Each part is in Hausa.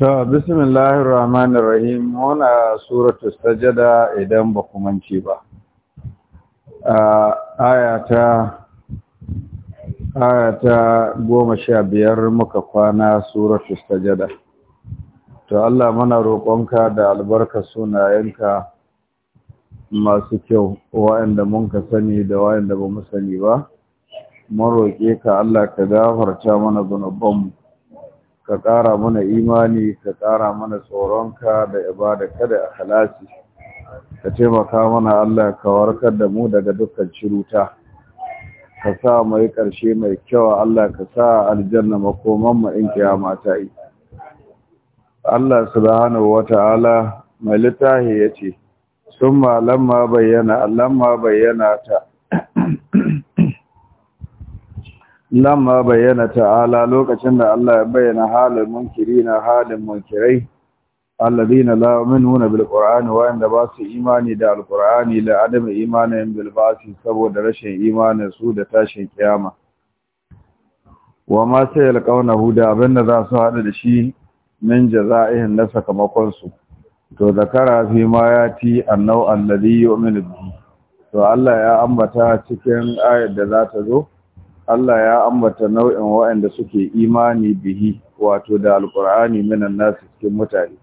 To, bismillahir rahmanir rahim muna suratu sajada idan ba ku manci ba. Aya ta goma sha biyar muka kwana suratu sajada. To, Allah mana roƙonka da albarka sunayenka masu kyau wa'anda mun ka sani da wa'anda ba mu sani ba. Mun roƙe ka Allah ka gafarta mana zunubanmu. ka ƙara mana imani ka ƙara mana tsoronka da ibada kada a halasi ka taimaka mana Allah ka warkar da mu daga dukkan ciruta ka sa mai ƙarshe mai kyau Allah ka sa aljanna makoman mu in kiyama ta yi Allah subhanahu wata'ala mai littafi yace summa lamma bayyana lamma bayyana ta ma bayyana ta'ala lokacin da Allah ya bayyana halin munkirina halin munkirai alladhina la yu'minuna bil qur'ani wa inda ba su imani da al qur'ani la adam imanin bil saboda rashin imaninsu su da tashin kiyama wa ma sai alqawnahu da abinda za su hada da shi min jaza'ihin na sakamakon su to zakara fi ma yati annau alladhi yu'minu bi to Allah ya ambata cikin ayar da za ta zo Allah ya ambata nau'in waɗanda suke imani bihi wato da alqur'ani minan nasu cikin mutane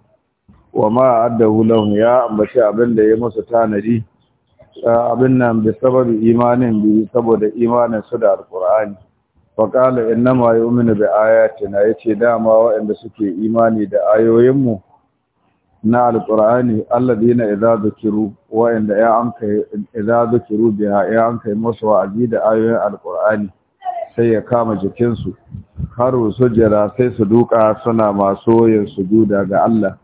wa ma addahu lahum ya ambaci abin da ya musu tanadi abin nan bi sababi imanin bihi saboda imanin su da alqur'ani wa qala innama yu'minu bi ayatina yace dama waɗanda suke imani da ayoyinmu na alqur'ani alladina idza zukiru waɗanda ya anka idza dhukiru biha ya anka musu wa'azi da ayoyin alqur'ani sai ya kama jikinsu har sujjara sai su duka suna masu yin sujuda ga Allah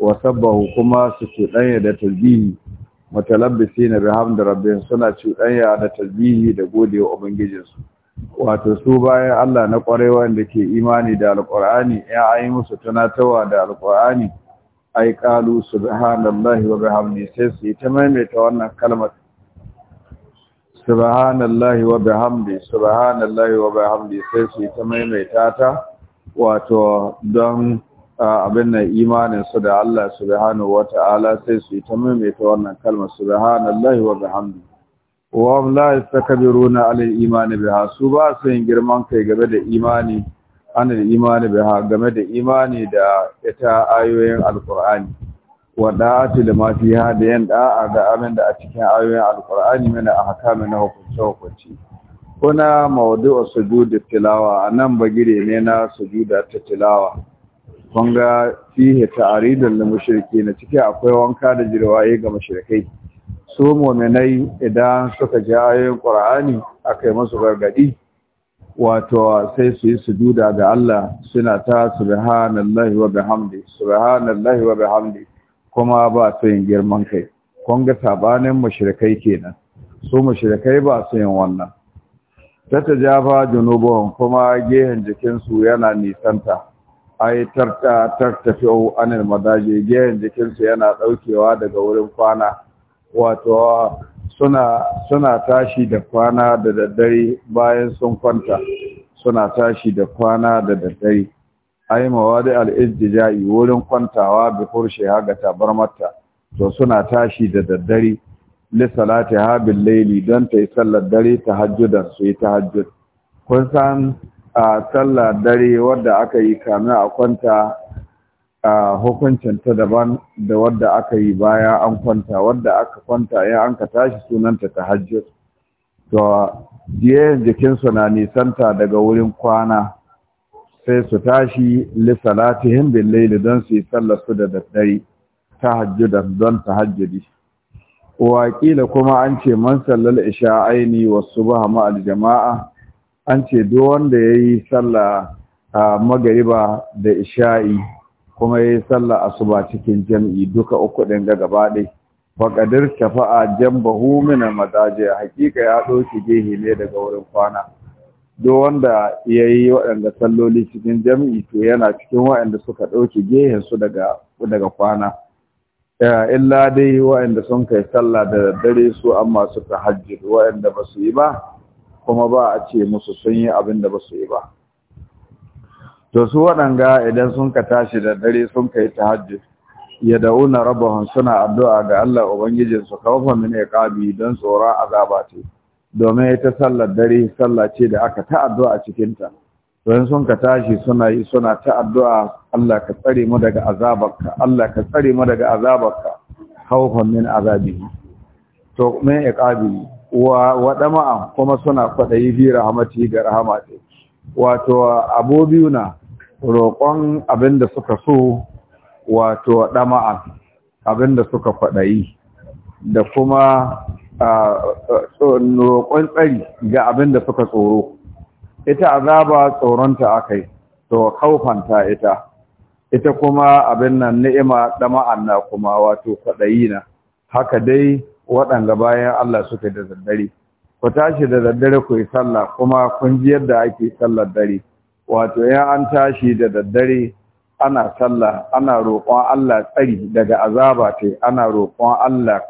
wa sabbahu kuma su cuɗanya da tasbihi mutalabbisin na da rabbin suna cuɗanya da tasbihi da gode wa ubangijinsu wato su bayan Allah na ƙwarai wanda ke imani da alƙur'ani ya ayi musu tunatawa da alƙur'ani ai qalu subhanallahi wa bihamdihi sai su yi ta maimaita wannan kalmar subhanallahi wa bihamdi subhanallahi wa bihamdi sai su ta maimaita ta wato don abin nan imanin su da Allah subhanahu wa ta'ala sai su ta maimaita wannan kalmar subhanallahi wa bihamdi wa la yastakbiruna 'ala al biha su ba su yin girman kai game da imani an al-imani biha game da imani da ita ayoyin alqur'ani wa da'ati lima fiha da yan da'a ga abin da a cikin ayoyin alqur'ani mana ahkami na hukunce hukunci kuna mawdu'u sujudi tilawa anan bagire ne na sujuda ta tilawa kun ga fihi da lil na ciki akwai wanka da jirwaye ga mushrikai su mu'minai idan suka ji ayoyin qur'ani akai musu gargadi wato sai su yi sujuda ga Allah suna ta subhanallahi wa bihamdi subhanallahi wa bihamdi kuma ba su yin girman kai kun ga sabanin mashirkai kenan su mashirkai ba su yin wannan ta ta ja ba junubon kuma gehen jikinsu yana nisanta ai tarta tartafi'u anil madaji gehen jikinsu yana daukewa daga wurin kwana wato suna suna tashi da kwana da daddare bayan sun kwanta suna tashi da kwana da daddare ai mawadi al-ijtijai wurin kwantawa bi furshiha ga mata to suna tashi da daddare li salati laili don ta yi sallar dare tahajjudan su yi tahajjud kun san a sallar dare wadda aka yi kamin a kwanta a hukuncin ta daban da wadda aka yi baya an kwanta wadda aka kwanta ya an ka tashi sunanta tahajjud to jiye jikinsu na nisanta daga wurin kwana sai su tashi lissalatihim hindin laili don su yi su da daddare ta hajjuda don ta tahajjudi waƙila kuma an ce man sallar isha aini wasu ba hama jama'a an ce duk wanda ya yi sallah magariba da isha'i kuma ya yi sallah ba cikin jam'i duka uku ɗin ga gaba ɗai faƙadir a jan bahu mina madaje hakika ya ɗauki gehe ne daga wurin kwana duk wanda ya yi waɗanda salloli cikin jam'i to yana cikin waɗanda suka ɗauki gehen su daga kwana illa dai waɗanda sun kai sallah da dare su amma suka hajji waɗanda ba su yi ba kuma ba a ce musu sun yi abin da ba su yi ba to su waɗanga idan sun ka tashi da dare sun kai ta hajji? ya dauna rabahun suna addu'a ga Allah Ubangijinsu kawafa mini ƙabi don tsoron azaba ce. domin ita sallar dare sallah ce da aka ta addu'a cikinta don sun ka tashi suna yi suna ta addu'a Allah ka tsare mu daga azabarka Allah ka tsare mu daga azabarka khawfan min azabi to min iqabi wa wadama kuma suna yi bi rahmati ga rahama ce wato abu na roƙon abin da suka so wato dama'a abin da suka yi da kuma roƙon tsari ga abin da suka tsoro ita azaba tsoronta akai to kaufanta ita ita kuma abin nan ni'ima dama'an na kuma wato kwaɗayi na haka dai waɗanda bayan Allah suka da daddare ku tashi da daddare ku yi sallah kuma kun ji yadda ake sallar dare wato ya an tashi da daddare ana sallah ana roƙon Allah tsari daga azaba ce ana roƙon Allah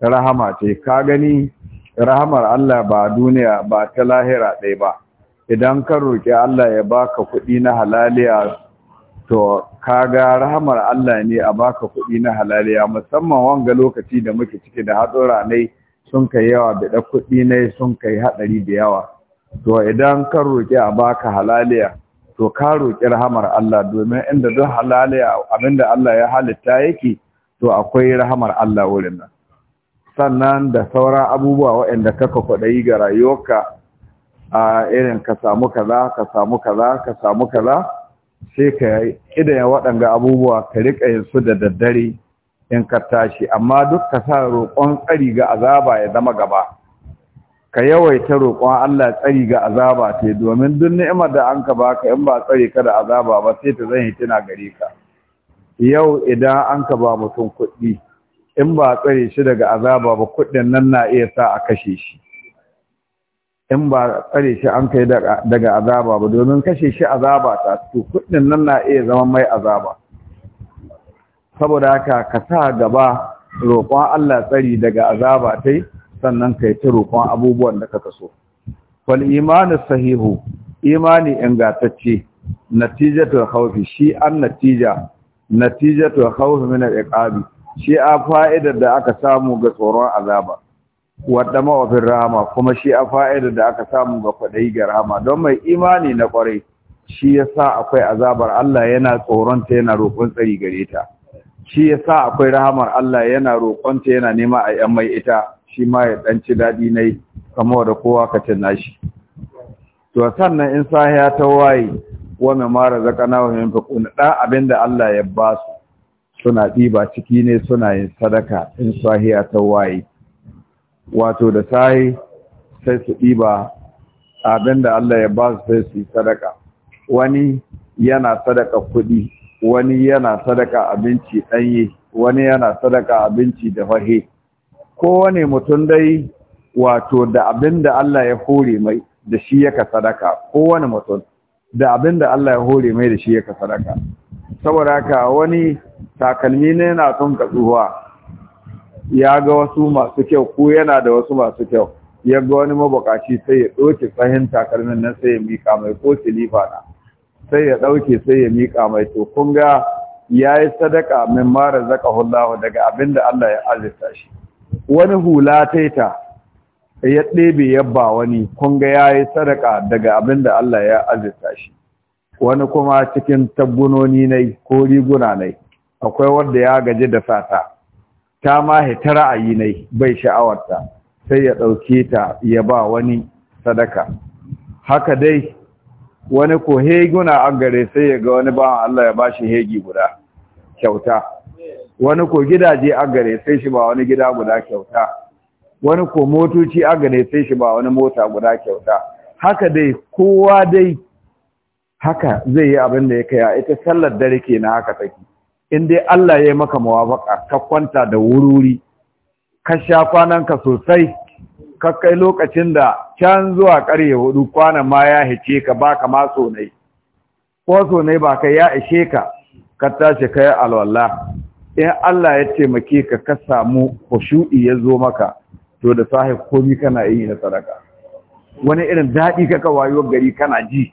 rahama ce ka gani rahamar Allah ba duniya ba ta lahira ɗaya ba idan ka roƙi Allah ya baka kuɗi na halaliya to kaga rahamar Allah ne a baka kuɗi na halaliya musamman wanga lokaci da muke ciki da haɗura ranai sun kai yawa da kuɗi nai sun kai haɗari da yawa to idan ka roƙi a baka halaliya to ka roƙi rahamar Allah domin inda duk halaliya abinda Allah ya halitta yake to akwai rahamar Allah wurin nan sannan da sauran abubuwa waɗanda kaka kwaɗayi ga rayuwarka a irin ka samu kaza ka samu kaza ka samu kaza sai ka ƙidaya waɗanga abubuwa ka riƙa yin su da daddare in ka tashi amma duk ka sa roƙon tsari ga azaba ya zama gaba ka yawaita roƙon Allah tsari ga azaba ce domin duk ni'imar da an ka baka in ba tsari ka da azaba ba sai ta zan yi tana gare ka yau idan an ka ba mutum kuɗi in ba tsare shi daga azaba ba kuɗin nan na iya sa a kashe shi in ba tsare shi an kai daga azaba ba domin kashe shi azaba ta to kuɗin nan na iya zama mai azaba saboda haka ka sa gaba roƙon Allah tsari daga azaba tai sannan kai ta roƙon abubuwan da kaka so wal imani sahihu imani ingantacce natijatul khawfi shi an natija natijatul khawfi min al-iqabi shi a fa'idar da aka samu ga tsoron azaba wadda mawafin rahama kuma shi a fa'idar da aka samu ga kwaɗayi ga rahama don mai imani na ƙwarai shi ya sa akwai azabar Allah yana tsoronta yana roƙon tsari gare ta shi ya sa akwai rahamar Allah yana roƙonta yana nema a ‘yan mai ita shi ma ya ɗanci daɗi na yi kama da kowa ka tana shi to sannan in ya ta waye wani mara zaka na wa ɗan abin da Allah ya ba su suna ɗiba ciki ne suna yin sadaka in sahiya ta waye wato da sahi sai su ɗiba abin da Allah ya ba su sai su yi sadaka wani yana sadaka kuɗi wani yana sadaka abinci ɗanye wani yana sadaka abinci da fahe kowane mutum dai wato da abin da Allah ya hore mai da shi yaka sadaka kowane mutum da abin da Allah ya hore mai da shi yaka sadaka saboda haka wani takalmi ne na ka tsuwa? ya ga wasu masu kyau ko yana da wasu masu kyau ya ga wani mabukaci sai ya ɗauke tsahin takalmin na sai ya mika mai ko silifa na sai ya ɗauke sai ya mika mai to kun ga ya yi sadaka min mara zaka hullahu daga abin da Allah ya azurta shi wani hula taita ya ɗebe yabba wani kun ga ya yi sadaka daga abin da Allah ya azirta shi wani kuma cikin tabbunoni ne ko riguna ne akwai wanda ya gaji da sata ta ma hita ra'ayi ne bai sha'awarta sai ya ɗauke ta ya ba wani sadaka haka dai wani ko heguna an gare sai ya ga wani bawan Allah ya bashi hegi guda kyauta wani ko gidaje an gare sai shi ba wani gida guda kyauta wani ko motoci an gare sai shi ba wani mota guda kyauta haka dai kowa dai haka zai yi abin da ya a ita sallar dare kenan haka take in dai Allah ya yi maka mawafaka ka kwanta da wuri ka sha ka sosai ka kai lokacin da can zuwa ƙarye hudu kwanan ma ya hice ka baka ma sonai ko sonai ba ka ya ishe ka ka tashi ka yi alwala in Allah ya taimake ka ka samu kushu'i ya zo maka to da sahi komi kana yi na sadaka wani irin daɗi kaka wayo gari kana ji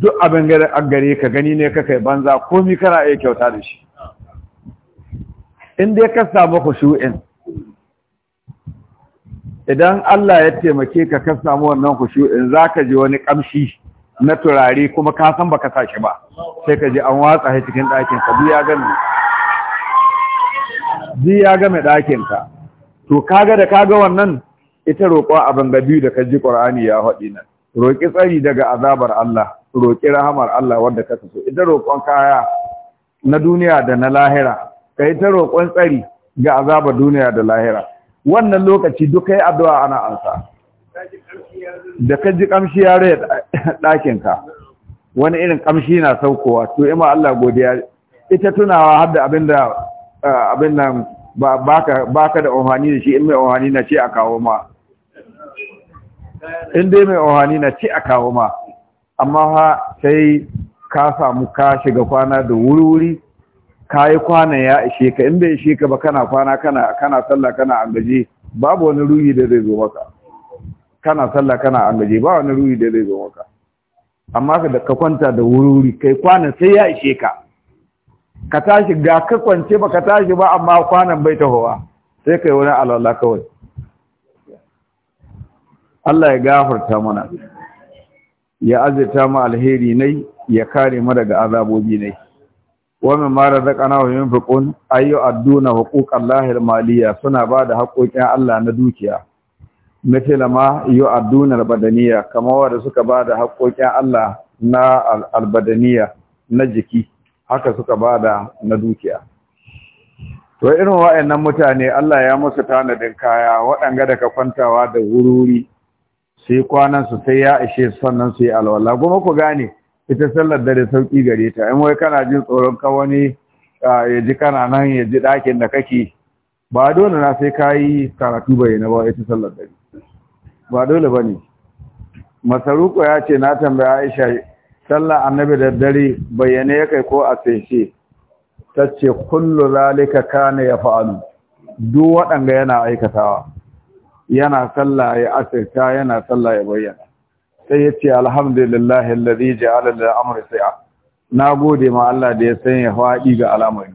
duk abin gare ka gani ne kakai banza komi kana iya kyauta da shi in dai ka samu shu'in idan Allah ya taimake ka ka samu wannan za ka ji wani kamshi na turare kuma ka san baka sashi ba sai ka ji an watsa shi cikin ɗakin ka biya gami ya gami ɗakin ka to kaga da kaga wannan ita roƙo abin da biyu da ka ji Ƙur'ani ya haɗi nan roƙi tsari daga azabar Allah roƙi rahamar Allah wanda ka so ita roƙon kaya na duniya da na lahira ka ita roƙon tsari ga azaba duniya da lahira wannan lokaci duk kai addu'a ana ansa da ka ji kamshi ya rai ɗakin ka wani irin kamshi na saukowa to ima Allah godiya ita tunawa har da abinda eh, abin nan ba ka da ohani da shi in mai ohani na ce a kawo ma in dai mai ohani na ce a kawo ma amma ha sai ka samu ka shiga kwana da wuri-wuri ka yi kwana ya ishe ka Inda ya ishe ka ba kana kwana kana kana sallah kana angaje babu wani ruhi da zai zo maka kana sallah kana angaje ba wani ruhi da zai zo maka amma ka ka kwanta da wuri-wuri kai kwana sai ya ishe ka ka tashi ga ka kwance ba ka tashi ba amma kwanan bai tahowa sai kai wani alwala kawai Allah ya gafarta mana ya azirta mu alheri nai ya kare mu daga azabobi nai wa min ma razaqnahu yunfiqun ay yu'adduna huquqallahi maliya suna ba da haƙoƙin Allah na dukiya mithla ma yu'adduna albadaniya kamar wanda suka ba da haƙoƙin Allah na albadaniya na jiki haka suka ba da na dukiya to irin wa'annan mutane Allah ya musu tanadin kaya waɗanga da ka kwantawa da wururi su yi kwanan su sai ya ishe sannan su yi alwala kuma ku gane ita sallar dare sauki gare ta in wai kana jin tsoron ka wani ya ji kana nan ya ji ɗakin da kake ba dole na sai ka yi karatu bai na ba ita sallar dare ba dole ba ne masaruko ya ce na tambaya aisha sallar annabi da dare bayyane ya kai ko a tsaye ta ce kullu zalika kana ya fa'alu duk waɗanga yana aikatawa yana sallah ya asirta yana sallah ya bayyana sai ya ce alhamdulillah alladhi ja'ala lil amri sa'a na gode ma Allah da ya sanya fadi ga al'amari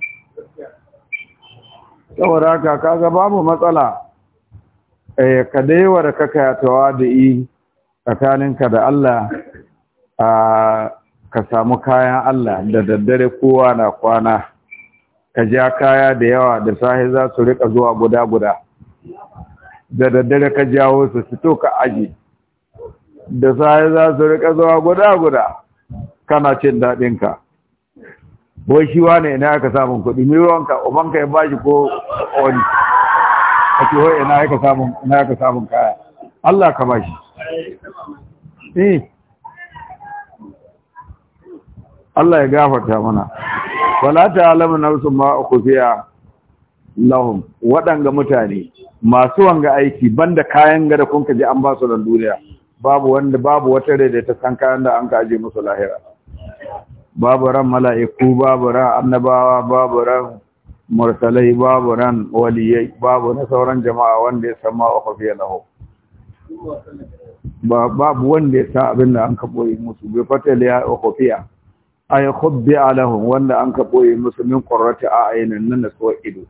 saboda haka kaga babu matsala eh ka daiwar ka kayatawa da yi tsakaninka da Allah a ka samu kayan Allah da daddare kowa na kwana ka ja kaya da yawa da sahi za su rika zuwa guda guda da daddare ka jawo su fito ka aji da sai za su rika zuwa guda guda kana cin daɗinka. ka wai shi wane ina aka samun kuɗi mi ruwanka ubanka ya bashi ko wani a ce wai ina aka samun ina aka samun kaya Allah ka bashi eh Allah ya gafarta mana wala ta'lamu nafsun ma ukhfiya lahum waɗanga mutane masu wanga aiki banda kayan gada kun kaje an ba su nan duniya babu wanda babu wata rai da ta san kayan da an ka aje musu lahira babu ran mala'iku babu ran annabawa babu ran mursalai babu ran waliyai babu na sauran jama'a wanda ya san ma wa kafiya lahu babu wanda ya sa abin da an ka boye musu bai fata ya wa ya ay khubbi alahum wanda an ka boye musu min qurrati a'yunin nan da so ido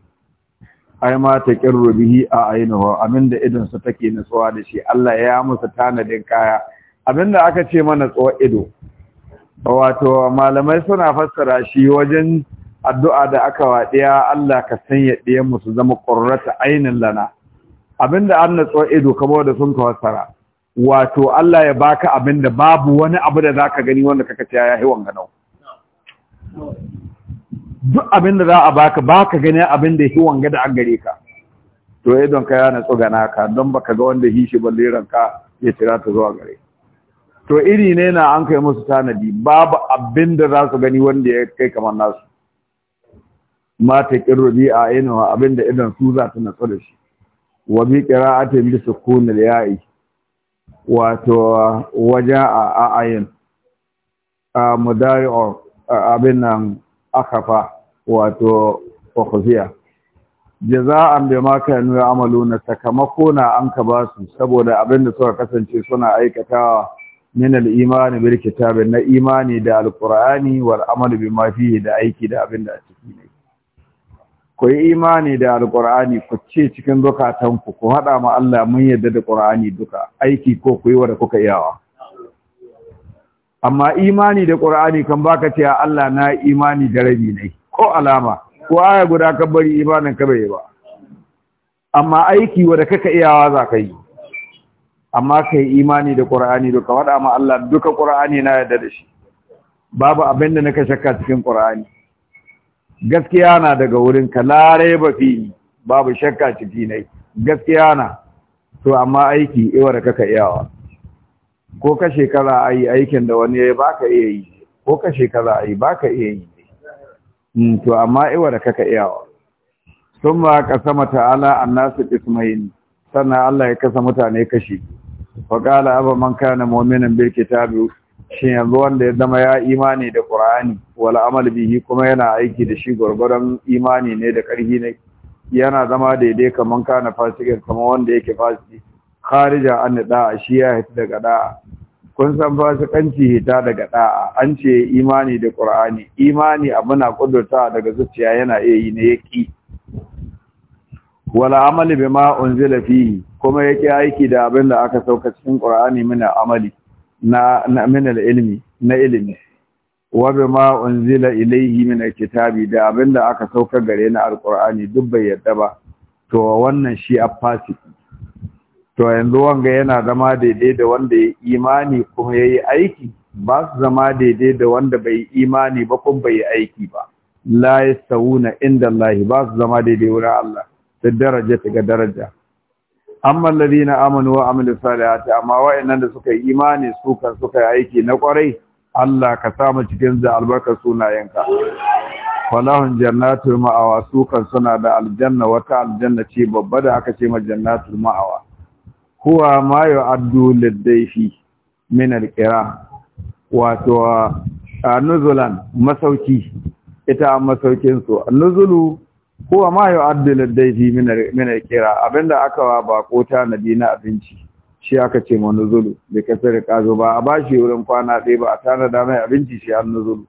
ai ma ta kirro bihi a ainihu abinda idon su take nutsuwa da shi Allah ya musu tanadin kaya abinda aka ce mana tsowa ido wato malamai suna fassara shi wajen addu'a da aka wadiya Allah ka sanya ɗiyan mu su zama ƙurrata ainin lana abinda an nutsuwa ido kamo da sun ka fassara wato Allah ya baka abinda babu wani abu da zaka gani wanda kaka ce ya yi nau duk abin da za a baka baka gani abin da yake wanga da an gare ka to ya don ka ya na tsogana ka don baka ga wanda hishi balliran ka ya tira ta zuwa gare to iri ne na an kai musu tanadi babu abin da za su gani wanda ya kai kamar nasu mata kin a yana abin da idan su za ta natsu da shi wa bi qira'atin bi sukun al-ya'i wato waja'a a'ayin a mudari'u abin nan akafa wato fakhziya jaza'an bima amalu na sakamako na an ka ba su saboda abin da suka kasance suna aikatawa min al-iman bil kitab na imani da al-qur'ani wal amal ma fihi da aiki da abin da a ciki ne ku yi imani da al-qur'ani ku ce cikin zukatan ku haɗa ma Allah mun yarda da qur'ani duka aiki ko ku yi wa da kuka iyawa amma imani da ƙur'ani kan baka ce Allah na imani da rabi ne ko alama ko aya guda ka bari imanin ka bai ba amma aiki wanda kaka iyawa za ka yi amma kai imani da ƙur'ani duka wada ma Allah duka ƙur'ani na yarda da shi babu abin da naka shakka cikin ƙur'ani gaskiya na daga wurin ka larai ba fi babu shakka ciki ne gaskiya na to amma aiki iwa eh, kaka iyawa ko ka shekara a yi aikin da wani ya yi ba ka iya yi ko ka shekara a yi ba ka iya yi mm, to amma iwa da kaka wa sun ba ka sama ta'ala an nasu ismail sannan allah ya kasa mutane kashi wa kala abu man kana mu'minin bil kitabu shin yanzu wanda ya zama ya imani da qur'ani wal amal bihi kuma yana aiki da shi gwargwaron imani ne da karhi ne yana zama daidai kaman kana fasikin kaman wanda yake fasiki kharija an da'a shi ya hita daga da'a kun san fasikanci hita daga da'a an ce imani da qur'ani imani abu na kudurta daga zuciya yana iya yi ne yaki wala amali bima unzila fihi kuma yake aiki da abin da aka sauka cikin qur'ani mina amali na na min ilmi na ilmi wa bima unzila ilayhi min kitabi da abin da aka sauka gare na alqur'ani duk bai yadda ba to wannan shi afasiki to yanzu wanga yana zama daidai da wanda ya imani kuma ya yi aiki ba su zama daidai da wanda bai yi imani ba kuma bai yi aiki ba la na inda lahi ba su zama daidai wurin Allah da daraja ta ga daraja amma na amanu wa amilus ta, amma wa'annan da suka yi imani su suka yi aiki na kwarai Allah ka samu cikin da albarkar sunayenka falahun jannatul ma'awa su kan suna da aljanna wata aljanna ce babba da aka ce ma jannatul ma'awa huwa ma yu'addu lid-dayfi min al-qira wato nuzulan masauki ita masaukin su nuzulu huwa ma yu'addu lid-dayfi min al-qira abinda aka wa bako ta nabi abinci shi aka ce ma nuzulu da kasar kazo ba a bashi wurin kwana ɗaya ba a da mai abinci shi an nuzulu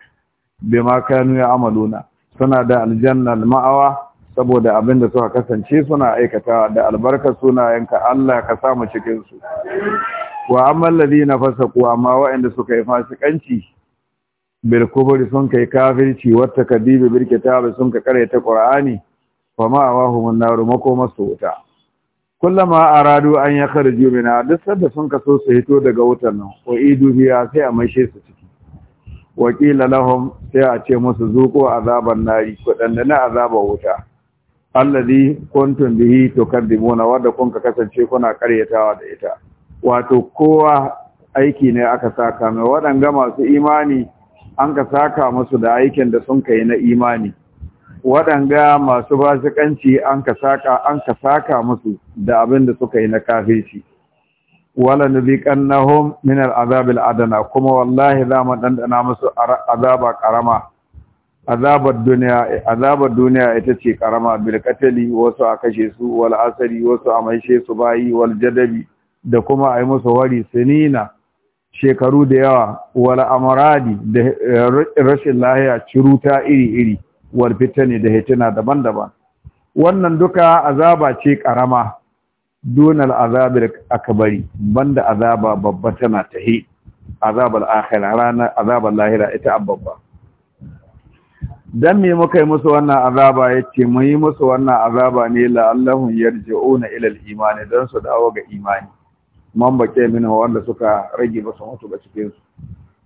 bima kanu ya amaluna suna da aljanna ma'awa saboda abin da suka kasance suna aikata da albarkar sunayenka Allah ka samu cikin su wa amman ladina fasaqu amma wa'anda suka yi fasikanci bil kubri sun kai kafirci wata kadibi bil kitabi sun ka ta qur'ani fa ma wahum an-nar masu wuta kullama aradu an yakhruju mina duk sanda sun ka so su hito daga wutan nan wa idu biya sai a maishe su ciki wakila lahum sai a ce musu zuko azaban nari kudanda na azabar wuta allazi kuntum bihi tukadibuna wanda kun ka kasance kuna karyatawa da ita wato kowa aiki ne aka saka mai waɗanga masu imani an ka saka musu da aikin da sun kai na imani waɗanga masu basikanci an ka saka an ka saka musu da abin da suka yi na kafirci wala hom min al'azab adana, kuma wallahi za mu dandana musu azaba karama azabar duniya azabar duniya ita ce karama bil katali wasu a kashe su wal asari wasu a maishe su bayi wal jadabi da kuma a yi musu wari sinina shekaru da yawa wal amradi da eh, rashin lahiya ciruta iri iri wal fitani da hitina daban-daban wannan duka azaba ce karama dunal azabir akbari banda azaba babba tana tahi azabal akhirah rana azabal lahira ita babba dan me muka yi musu wannan azaba yace mu yi musu wannan azaba ne Allahu yarji'una ila al-iman dan su dawo ga imani man bake min wanda suka rage musu mutu ba cikin su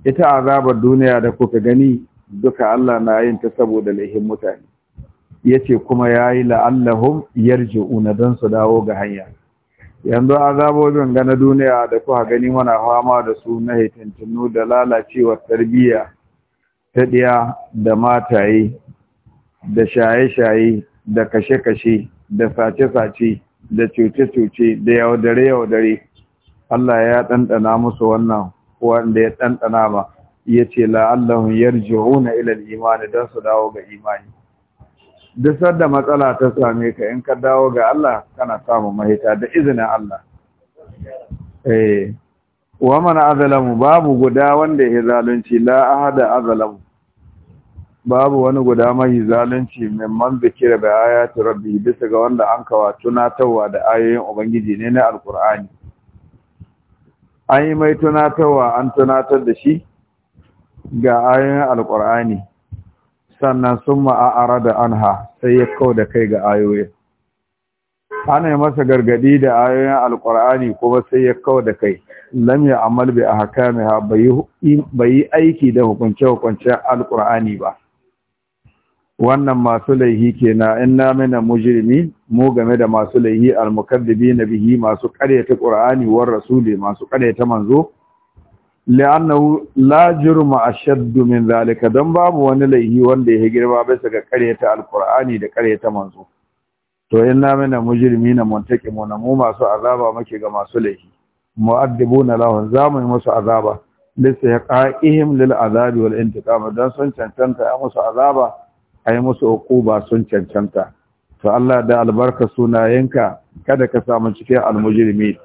ita azabar duniya da kuka gani duka Allah na yin ta saboda laihin mutane yace kuma yayi Allahu yarji'una dan su dawo ga hanya yanzu azabobin ga na duniya da kuka gani muna fama da su na hitintinu da lalacewar tarbiyya ta ɗiya da mataye da shaye-shaye da kashe-kashe da sace-sace da cuce-cuce da yaudare-yaudare Allah ya ɗanɗana musu wannan wanda ya ɗanɗana ba ya ce la'allahun yarji'una ilal imani don su dawo ga imani duk da matsala ta same ka in ka dawo ga Allah kana samun mahita da izinin Allah eh wa man azalamu babu guda wanda ya zalunci la ahada azalamu babu wani guda mahi zalunci mai mimman zikira aya ta rabbi bisa ga wanda an kawa tunatarwa da ayoyin ubangiji ne na alqur'ani an yi mai tunatarwa an tunatar da shi ga ayoyin alqur'ani sannan sun ma'ara da anha sai ya kau da kai ga ayoyin ana yi masa gargadi da ayoyin alqur'ani kuma sai ya kau da kai lam ya amal bi ahkamiha bai yi aiki da hukunce hukunce alqur'ani ba wannan masu laihi ke kenan inna namina mujrimi mu game da masu laihi na bihi masu ta ƙura'ani war rasuli masu ƙaryata manzo li'annahu la jurma ashaddu min zalika dan babu wani laihi wanda ya girma bisa ga ta alqur'ani da ta manzo to in inna na mujrimina muntakimuna mu masu azaba muke ga masu laihi mu'addibuna lahum zamu yi musu azaba lissa yaqa'ihim lil azabi wal intiqam dan sun cancanta a musu azaba ai musu ba sun cancanta to Allah da albarka sunayenka kada ka samu cikin almujrimi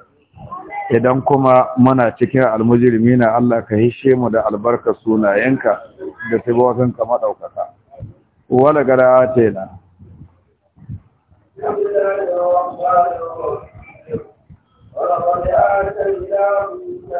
idan kuma muna cikin almujrimi na Allah ka hishe mu da albarka sunayenka da sabawakan ka madaukaka wala gara atena ولقد آتينا موسى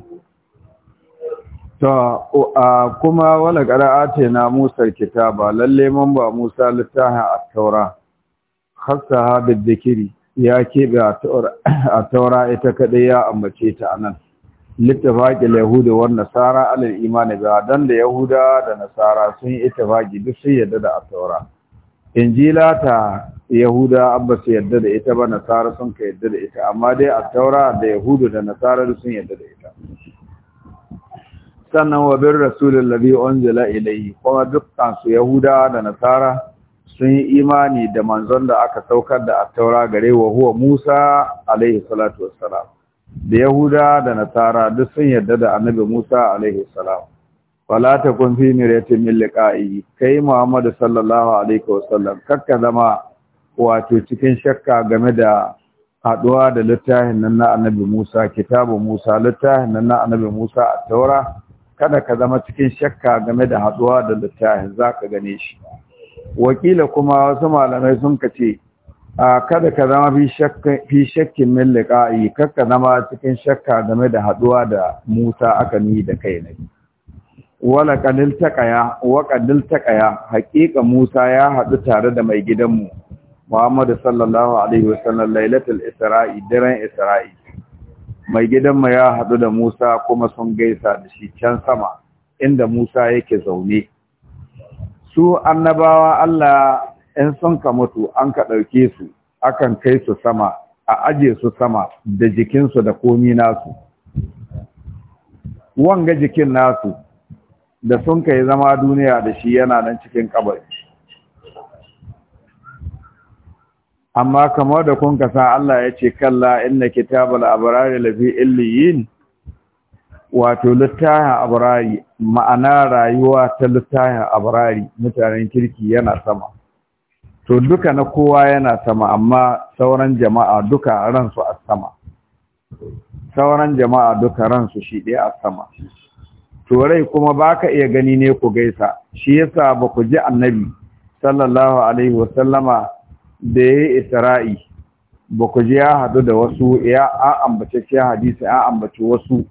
ta kuma wala qara'ati na Musa ba lalle man ba Musa littafin a taura khassaha da dhikri ya ga a taura ita kadai ya ambace ta anan littafaqil Yahuda wan nasara alal imani ba dan da yahuda da nasara sun ittifaqi duk sun yadda da a taura injila ta yahuda abba su yadda da ita ba nasara sun ka yadda da ita amma dai a taura da yahudu da nasara sun yadda da ita sannan wa bin rasulun labi unzila ilayhi kuma dukansu yahuda da nasara sun yi imani da manzon da aka saukar da attaura gare wa huwa musa alaihi salatu wassalam da yahuda da nasara duk sun yarda da annabi musa alaihi salam wala kun fi miratin min liqa'i kai muhammad sallallahu alaihi wasallam kakka zama wato cikin shakka game da haduwa da littafin nan na annabi musa kitabu musa littafin nan na annabi musa a kada ka zama cikin shakka game da haduwa da littafin za ka gane shi wakila kuma wasu malamai sun kace ce kada ka zama fi shakkin mallakai, kar kakka zama cikin shakka game da haduwa da Musa aka ni da kai ne wala kadil taqaya wa kadil Musa ya haɗu tare da mai gidanmu Muhammad sallallahu alaihi wasallam lailatul isra'i daren isra'i mai gidanmu ya haɗu da Musa kuma sun gaisa da shi can sama inda Musa yake zaune su annabawa Allah in sun ka mutu an ka ɗauke su akan kai su sama a aje su sama da jikinsu da komi nasu wanga jikin nasu da sun kai zama duniya da shi yana nan cikin kabari amma kamar da kun kasa Allah ya ce kalla inna kitabal abrari lafi illiyin wato littafin abrari ma'ana rayuwa ta littafin abrari mutanen kirki yana sama to duka na kowa yana sama amma sauran jama'a duka ransu a sama sauran jama'a duka ransu shi ɗaya a sama to rai kuma baka iya gani ne ku gaisa shi yasa ba ku ji annabi sallallahu alaihi wasallama da ya yi isra'i ba ku ji ya haɗu da wasu ya ambace shi hadisi ya ambace wasu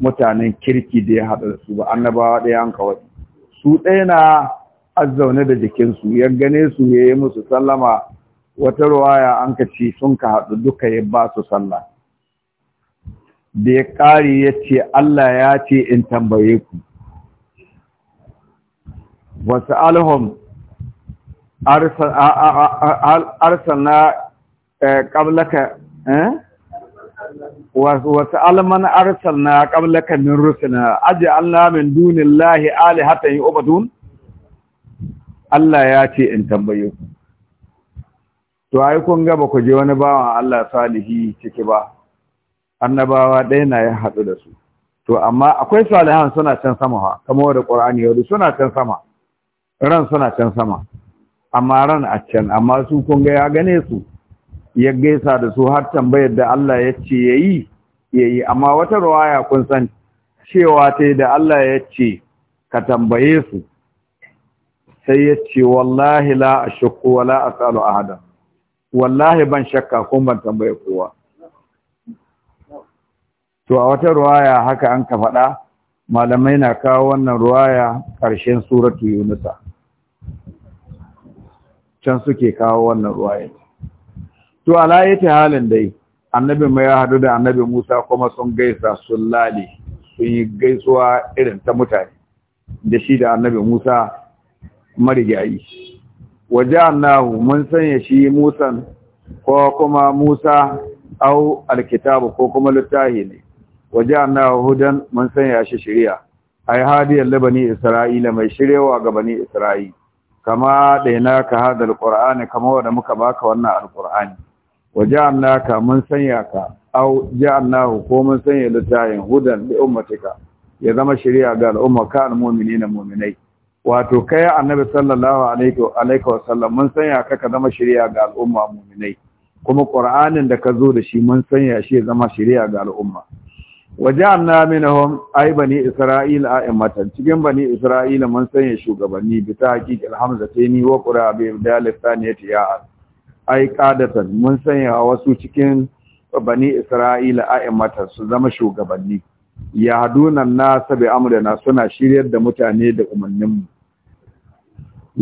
mutanen kirki da ya haɗu da su ba annabawa ya hanka wasu su ɗaya na azzaune da jikinsu ya gane su ya yi musu sallama wata ruwaya an ka ci sun ka haɗu duka ya ba su sallah da ya ƙari ya ce Allah ya ce in tambaye ku wasu alhom Arsana qablaka eh wasu alman arsana qablaka min rusuna aj'alna min dunillahi alihatan obadun? Allah ya ce in tambaye ku to ai kun gaba ku je wani bawan Allah salihi ciki ba annabawa ɗaya na ya haɗu da su to amma akwai salihan suna can sama kamar da Qur'ani yau suna can sama ran suna can sama amma ran a can amma su kun ga ya gane su ya gaisa da su har tambayar da Allah ya ce ya yi? Ya yi. amma wata ruwaya kun san cewa ta da Allah ya ce ka tambaye su sai ya ce wallahi la la'a wala a ahada wallahi ban shakka kun ban tambaye kowa to a wata ruwaya haka an ka faɗa malamai na kawo wannan ruwaya ƙarshen suratu yunusa can suke kawo wannan ruwaya to ala yace halin dai annabi mai ya hadu da annabi Musa kuma sun gaisa sun lale sun yi gaisuwa irin ta mutane da shi da annabi Musa marigayi Waje nahu mun sanya shi Musa ko kuma Musa au alkitabu ko kuma littahi ne Waje nahu hudan mun sanya shi shari'a ai hadiyar labani Isra'ila mai shirewa ga bani Isra'ila kama daina ka hada alqur'ani kama wanda muka baka wannan alqur'ani waja'alna ka mun sanya ka au ja'alnahu ko mun sanya litayin hudan li ummatika ya zama shari'a ga al'umma ka almu'minina mu'minai wato kai annabi sallallahu alaihi wa alihi wa sallam mun sanya ka ka zama shari'a ga al'umma mu'minai kuma qur'anin da ka zo da shi mun sanya shi ya zama shari'a ga al'umma waja'alna minhum ay bani isra'ila a'immatan cikin bani isra'ila mun sanya shugabanni bi ta haqiqil hamzataini wa qura bi dalil ya ay qadatan mun sanya wasu cikin bani isra'ila a'immatan su zama shugabanni ya haduna nasa bi amrina suna shiryar da mutane da umarnin mu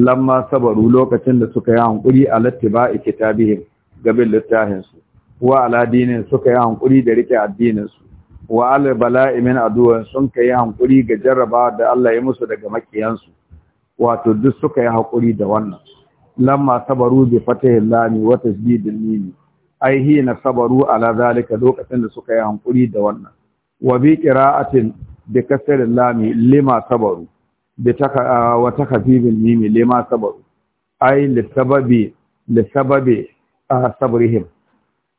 lamma sabaru lokacin da suka yi hankuri a lattiba'i kitabihim gabin littafinsu wa al'adinin suka yi hankuri da rike addininsu wa ala bala'i min aduwan sun kai hankuri ga jarraba da Allah ya musu daga makiyansu wato duk suka yi hakuri da wannan lamma sabaru bi fatihil lami wa tasdidil mim ai hina sabaru ala zalika lokacin da suka yi hankuri da wannan wa bi qira'atin bi kasril lami lima sabaru bi taka wa takfibil mim lima sabaru ai li li sababi sabrihim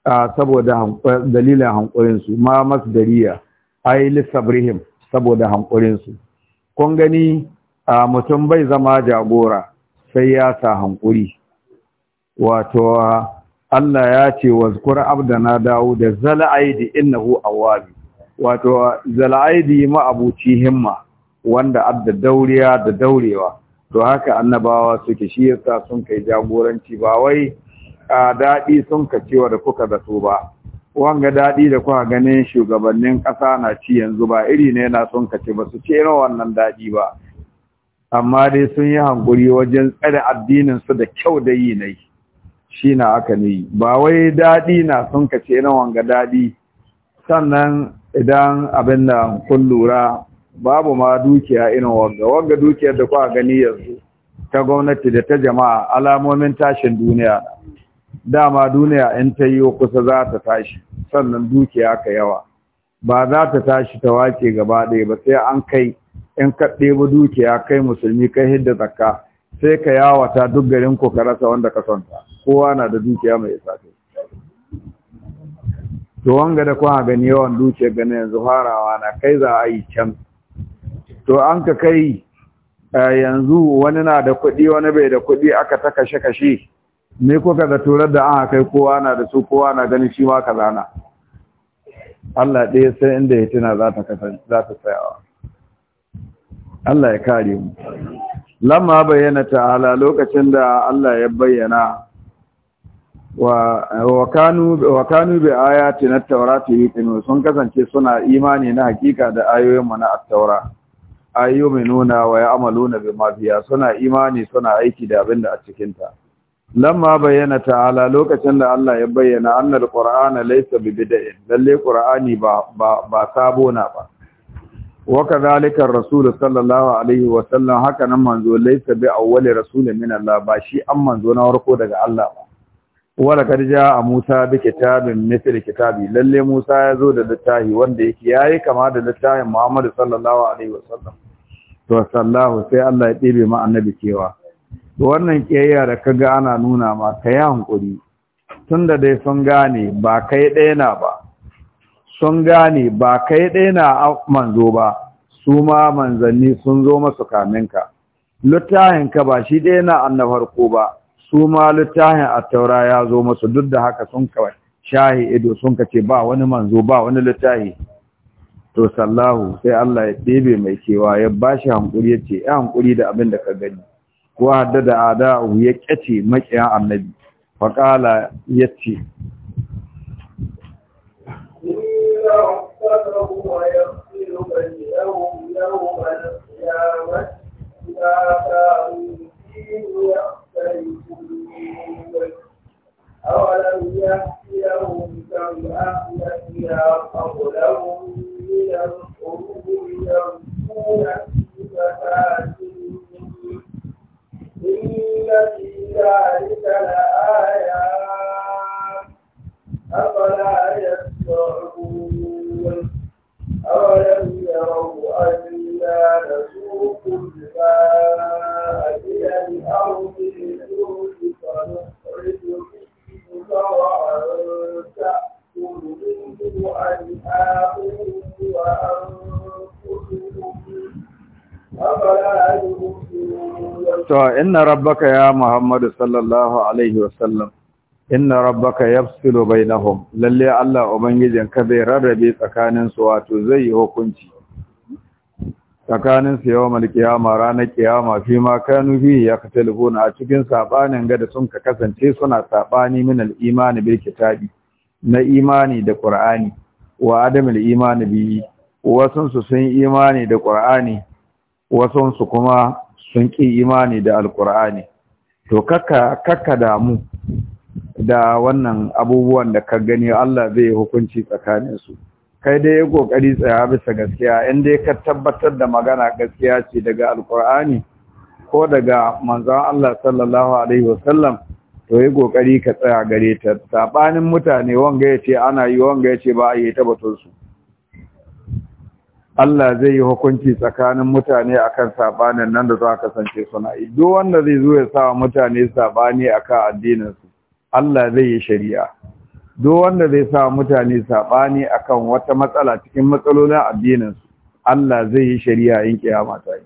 saboda eh, dalilin hankulinsu ma masdariya ai lissabrihim saboda hankulinsu kun gani mutum bai zama jagora sai ya sa hankuri wato Allah ya ce wazkur abdana da zal'aidi innahu awabi wato zal'aidi ma abuci himma wanda adda dauriya da daurewa to haka annabawa suke shi yasa sun kai jagoranci ba wai A daɗi sun kacewa da kuka zato ba wanga daɗi da kuka ganin shugabannin ƙasa na ci yanzu ba iri ne na sun kace ba su ce wannan daɗi ba amma dai sun yi hankuri wajen tsare addininsu da kyau da yi yi, shi na aka ne ba wai daɗi na sun kace na wanga daɗi sannan idan abin da kun lura babu ma dukiya irin wanga wanga dukiyar da kuka gani yanzu ta gwamnati da ta jama'a alamomin tashin duniya dama duniya in ta yi kusa za ta tashi sannan dukiya ka yawa ba za ta tashi ta wace gaba ɗaya ba sai an kai in ka ɗebo dukiya kai musulmi kai hidda zakka sai ka yawata duk garin ku ka rasa wanda ka son ta kowa na da dukiya mai isa ta to wanga da kuma gani yawan dukiya gani yanzu farawa na kai za a yi can to an ka kai eh, yanzu wani na da kuɗi wani bai da kuɗi aka ta kashe kashe me ko kaga turar da an kai kowa na da su kowa na ganin shi ma kaza na Allah ɗaya sai inda ya tuna za ta kasance za ta tsayawa Allah ya kare mu lamma bayyana ta'ala lokacin da Allah ya bayyana wa kanu bi ayati na taurati yuqinu sun kasance suna imani na hakika da ayoyin mu na at-taura ayyuminuna wa ya'maluna bima fiha suna imani suna aiki da abinda a cikin ta lamma bayyana ta'ala lokacin da Allah ya bayyana annal qur'ana laysa bid'in lalle qur'ani ba ba sabo na ba wa kadhalika ar-rasul sallallahu alaihi wa sallam haka nan manzo laysa bi awwali rasulin min Allah ba shi an manzo na warko daga Allah ba wala kad jaa Musa bi kitabin mithl kitabi lalle Musa ya zo da littafi wanda yake yayi kama da littafin Muhammad sallallahu alaihi wa sallam to sallahu sai Allah ya dibe ma annabi cewa wannan kiyayya da kaga ana nuna ma ka yi hankuri tunda dai sun gane ba kai ɗaya na ba sun gane ba kai ɗaya na manzo ba su ma manzanni sun zo masu kaminka littahinka ba shi ɗaya na annabar ko ba su ma littafin taura ya zo masu duk da haka sun kawai shahi ido sun ka ce ba wani manzo ba wani littafi to sallahu sai Allah ya ɗebe mai cewa ya bashi hankuri ya ce ya hankuri da abin da ka gani ko haddada ada'u ya kyace makiya annabi faqala yace أولم يأتيهم كم أهلكنا قبلهم من القرون يمشون في مساكنهم في ذلك لآيات أفلا يسمعون أولم يروا أنا نسوق الماء الأرض بالجود فنخرج منه زرعا تأكل وأنفسهم to inna rabbaka ya muhammadu sallallahu alaihi wasallam inna rabbaka yafsilu bainahum lalle Allah ubangijin ka zai rarrabe tsakaninsu, wato zai yi hukunci tsakanin su yawmal qiyama ranar kiyama, fi ma kanu fi yaqtaluna a cikin saɓanin gada, sun ka kasance suna saɓani min al-imani kitabi na imani da ƙur'ani, wa adamul imani bi wasun su sun imani da ƙur'ani. wasansu kuma sun ƙi imani da Alƙur'ani. to kakka damu da wannan abubuwan da ka gani Allah zai hukunci tsakaninsu kai dai ya kokari tsaya bisa gaskiya in dai ka tabbatar da magana gaskiya ce daga Alƙur'ani ko daga manzon Allah sallallahu alaihi wasallam to yi kokari ka tsaya gare ta sabanin mutane wanga yace ana yi wanga yace ba a yi ta batunsu. Allah zai yi hukunci tsakanin mutane akan sabanin nan da za ka kasance suna yi wanda zai zo ya sa mutane sabani a kan addinansu, Allah zai yi shari'a duk wanda zai sa wa mutane sabani akan wata matsala cikin matsalolin addinansu, Allah zai yi shari'a in kiyama ta yi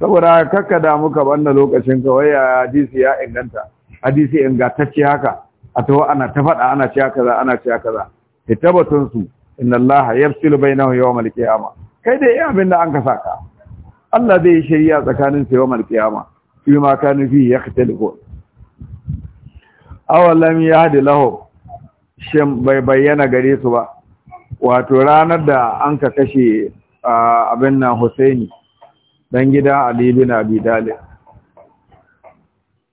saboda kakka da muka banna lokacin ka waya hadisi ya inganta hadisi ingantacce haka a taho ana ta faɗa ana ce haka za ana ce haka za tabbatun su inna Allah yarsilu bainahu yawmal qiyama kai dai eh abin an ka saka Allah zai yi shari'a tsakanin su yawmal qiyama fi ma kanu fi yakhtalifun aw lam yahdi lahu shin bai bayyana gare su ba wato ranar da an ka kashe abin nan Husaini dan gida Ali bin Abi Talib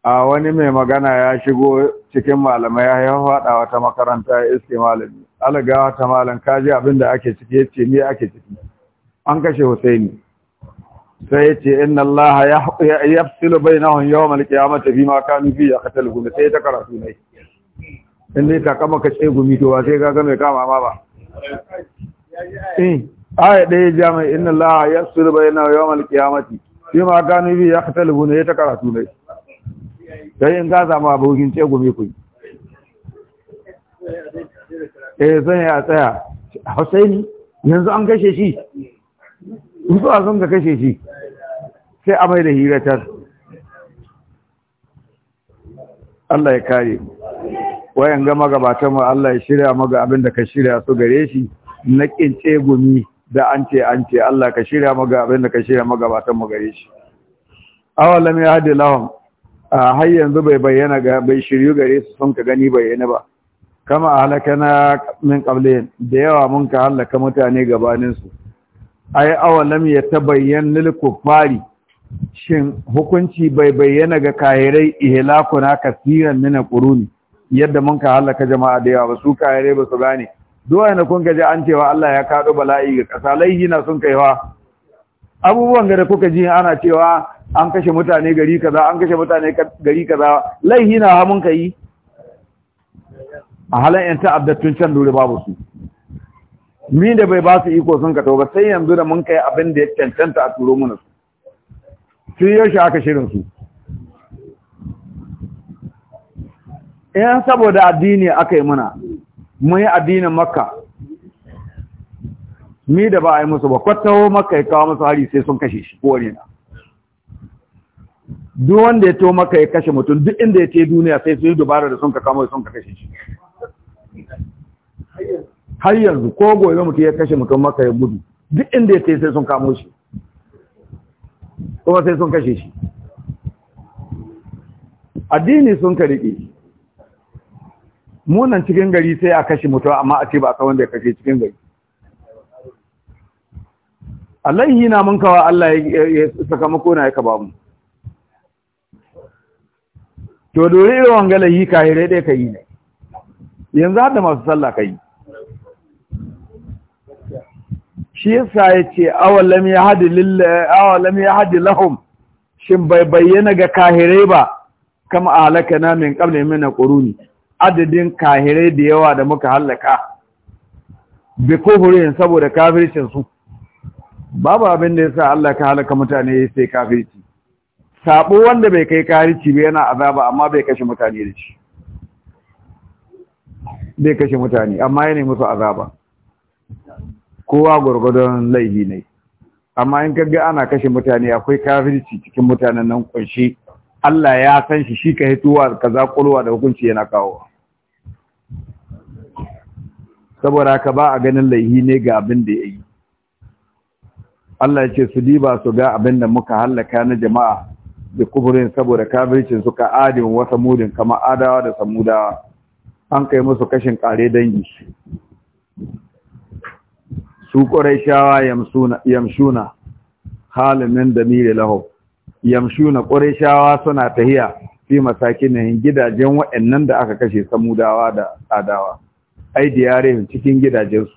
a wani mai magana ya shigo cikin malamai ya haɗa wata makaranta ya iske malami alagawa ta malam kaji abinda ake ciki yace me ake ciki an kashe Husaini sai yace inna Allah yafsilu bainahum yawm alqiyamati bima kanu fi yaqtaluhum sai ta karatu ne in dai ta kama kace gumi to ba sai ka ga mai kama ma ba eh aya dai jami'a inna Allah yafsilu bainahum yawm alqiyamati bima kanu fi yaqtaluhum sai ta karatu ne sai in ga zama abokin ce gumi ku eh zan ya tsaya Hussaini yanzu an kashe shi zuwa a ga kashe shi sai a mai da hiratar Allah ya kare wayan ga magabatan mu Allah ya shirya maga abin da ka shirya su gare shi na kince gumi da an ce an ce Allah ka shirya maga abin da ka shirya magabatan mu gare shi awalam ya hadi lahum har yanzu bai bayyana ga bai shiryu gare su sun ka gani bayyana ba kama na min qablihim da yawa mun ka halaka mutane gabanin su ai awalam yatabayyan lil kufari shin hukunci bai bayyana ga kahirai ihlakuna kasiran min quruni yadda mun ka halaka jama'a da yawa ba su kahirai ba su gane duwa na kun ji an cewa Allah ya kado bala'i ga ƙasa, laihi na sun kaiwa abubuwan da kuka ji ana cewa an kashe mutane gari kaza an kashe mutane gari kaza laihi na ha mun kai a halin yan ta'addatun can dole babu su Mi da bai ba su iko sun ka ba sai yanzu da mun kai abin da ya cancanta a turo mana su sun yaushe aka shirin su in saboda addini aka yi mana mun yi addinin makka mi da ba a yi musu ba kwatawo makka ya kawo musu hari sai sun kashe shi kowane na duk wanda ya to makka ya kashe mutum duk inda ya ce duniya sai sun yi dubara da sun ka kama sun ka kashe shi har yanzu ko gobe mutum ya kashe mutum maka ya gudu duk inda ya sai sun kamo shi kuma sai sun kashe shi addini sun ka riƙe munan cikin gari sai a kashe mutum amma a ce ba a wanda ya kashe cikin gari alaihi na mun kawa Allah ya sakamako na ya ka ba mu to dole irin wanga kahirai ɗaya ka yi ne yanzu har da masu sallah ka yi shi yasa ya ce awa lil lahum shin bai bayyana ga kahirai ba kama na min qabli na quruni adadin kahirai da yawa da muka hallaka bi kuhurin saboda kafircin su babu abin da ya sa Allah ka halaka mutane ya sai kafirci sabo wanda bai kai kafirci ba yana azaba amma bai kashe mutane da shi bai kashe mutane amma yana musu azaba kowa gwargwadon laifi ne amma in kaga ana kashe mutane akwai kafirci cikin mutanen nan kunshi Allah ya san shi shi ka hituwa ka zakulwa da hukunci yana kawo saboda haka ba a ganin laifi ne ga abin da ya yi Allah ya ce su diba su ga abin da muka hallaka na jama'a da kuburin saboda kafircin suka adin wasa mudin kama adawa da samudawa an kai musu kashin kare dangi su ƙurayshawa yamshuna halimin da mire laho yamshuna shawa suna tahiya fi masakinihin gidajen waɗannan da aka kashe samudawa da tsadawa. ai yare cikin gidajensu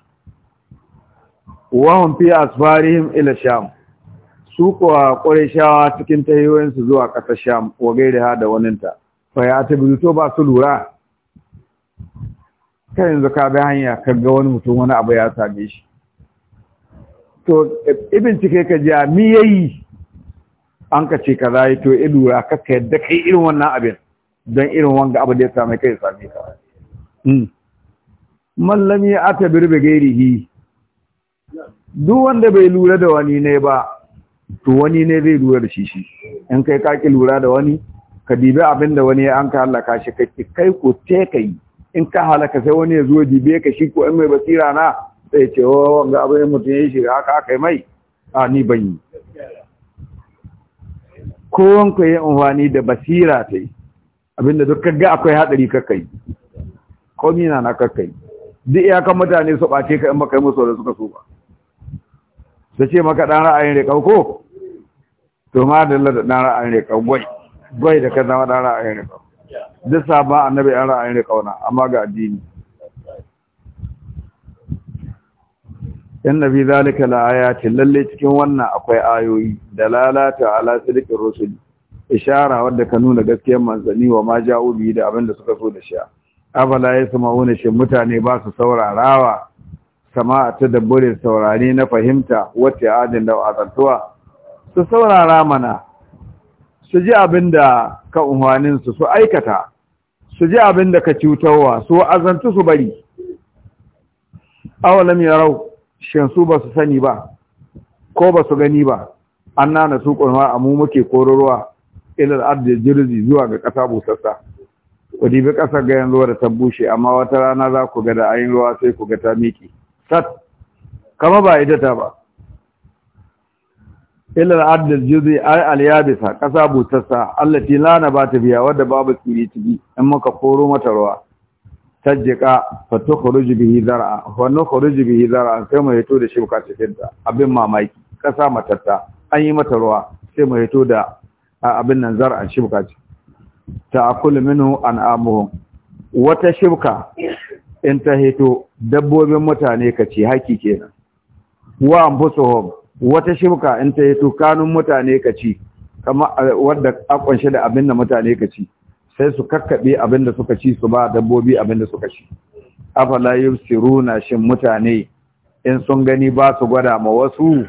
wahum fi asfarihim ila sham su kuwa shawa cikin tahiyoyinsu zuwa ƙasar sham wa gairaha da waninta fa ya bizuto ba su lura Ka yanzu ka bi hanya ka ga wani mutum wani abu ya same shi to ibin cike ka ji mi yayi an ka ce kaza yi to ilura ka ka yadda kai irin wannan abin don irin wanga abu da ya same kai same ka hmm. mallami ya ata birbe gairihi duk wanda bai lura da wani ne ba to wani ne zai lura da shi shi in kai ka ki lura da wani ka dibi abin da wani ya an ka halaka shi kai kai ko te kai in ka halaka sai wani ya zo dibe ka shi ko in mai basira na sai ce wa oh, wanga abin mutum ya yi shiga haka aka yi mai a ni ban yi kowon ku yi amfani da basira ta yi abinda duk kagga akwai hadari kakai komi na na kakai duk kan mutane su ɓace ka in baka yi musu da suka so ba Ta ce maka ɗan ra'ayin riƙau ko to ma da lada ɗan ra'ayin riƙau gwai gwai da ka zama ɗan ra'ayin riƙau duk sabon annabi ɗan ra'ayin riƙau na amma ga addini inna fi zalika laayatin lalle cikin wannan akwai ayoyi dalalatu ala sidqir rusul ishara wanda ka nuna gaskiyar manzanni wa ma ja'u bi da abin da suka so da shi afala yasma'una shi mutane ba su saurarawa sama'a ta dabbure saurare na fahimta wata adin da azantuwa su saurara mana su ji abin ka unhwanin su su aikata su ji abin ka cutarwa su azantu su bari awalam yarau shin su ba su sani ba ko ba su gani ba an nana su ƙunwa a mu muke kororowa ilar ardi jirzi zuwa ga ƙasa busassa wadi bi kasa ga yanzu ruwa da ta bushe amma wata rana za ku ga da ayin ruwa sai ku ga ta miki. sat kama ba ita ta ba ilar ardi jirzi ay al yabisa busassa allati ba ta biya wadda babu tsiri tibi in muka koro mata ruwa tajjika fa tukhruju bihi zar'a wa nukhruju bihi zar'a sai mu hito da shi buka cikin ta abin mamaki kasa matatta an yi mata ruwa sai mu hito da abin nan zar'a shi buka ci ta'kulu minhu amuhum wata shibka in ta hito dabbobin mutane ka ce haki kenan wa anfusuhum wata shibka in ta hito kanun mutane ka ci kama wadda a kunshe da abin da mutane ka ci sai su kakkaɓe abin da suka ci su ba dabbobi abin da suka ci afala yubsiruna shin mutane in sun gani ba su gwada ma wasu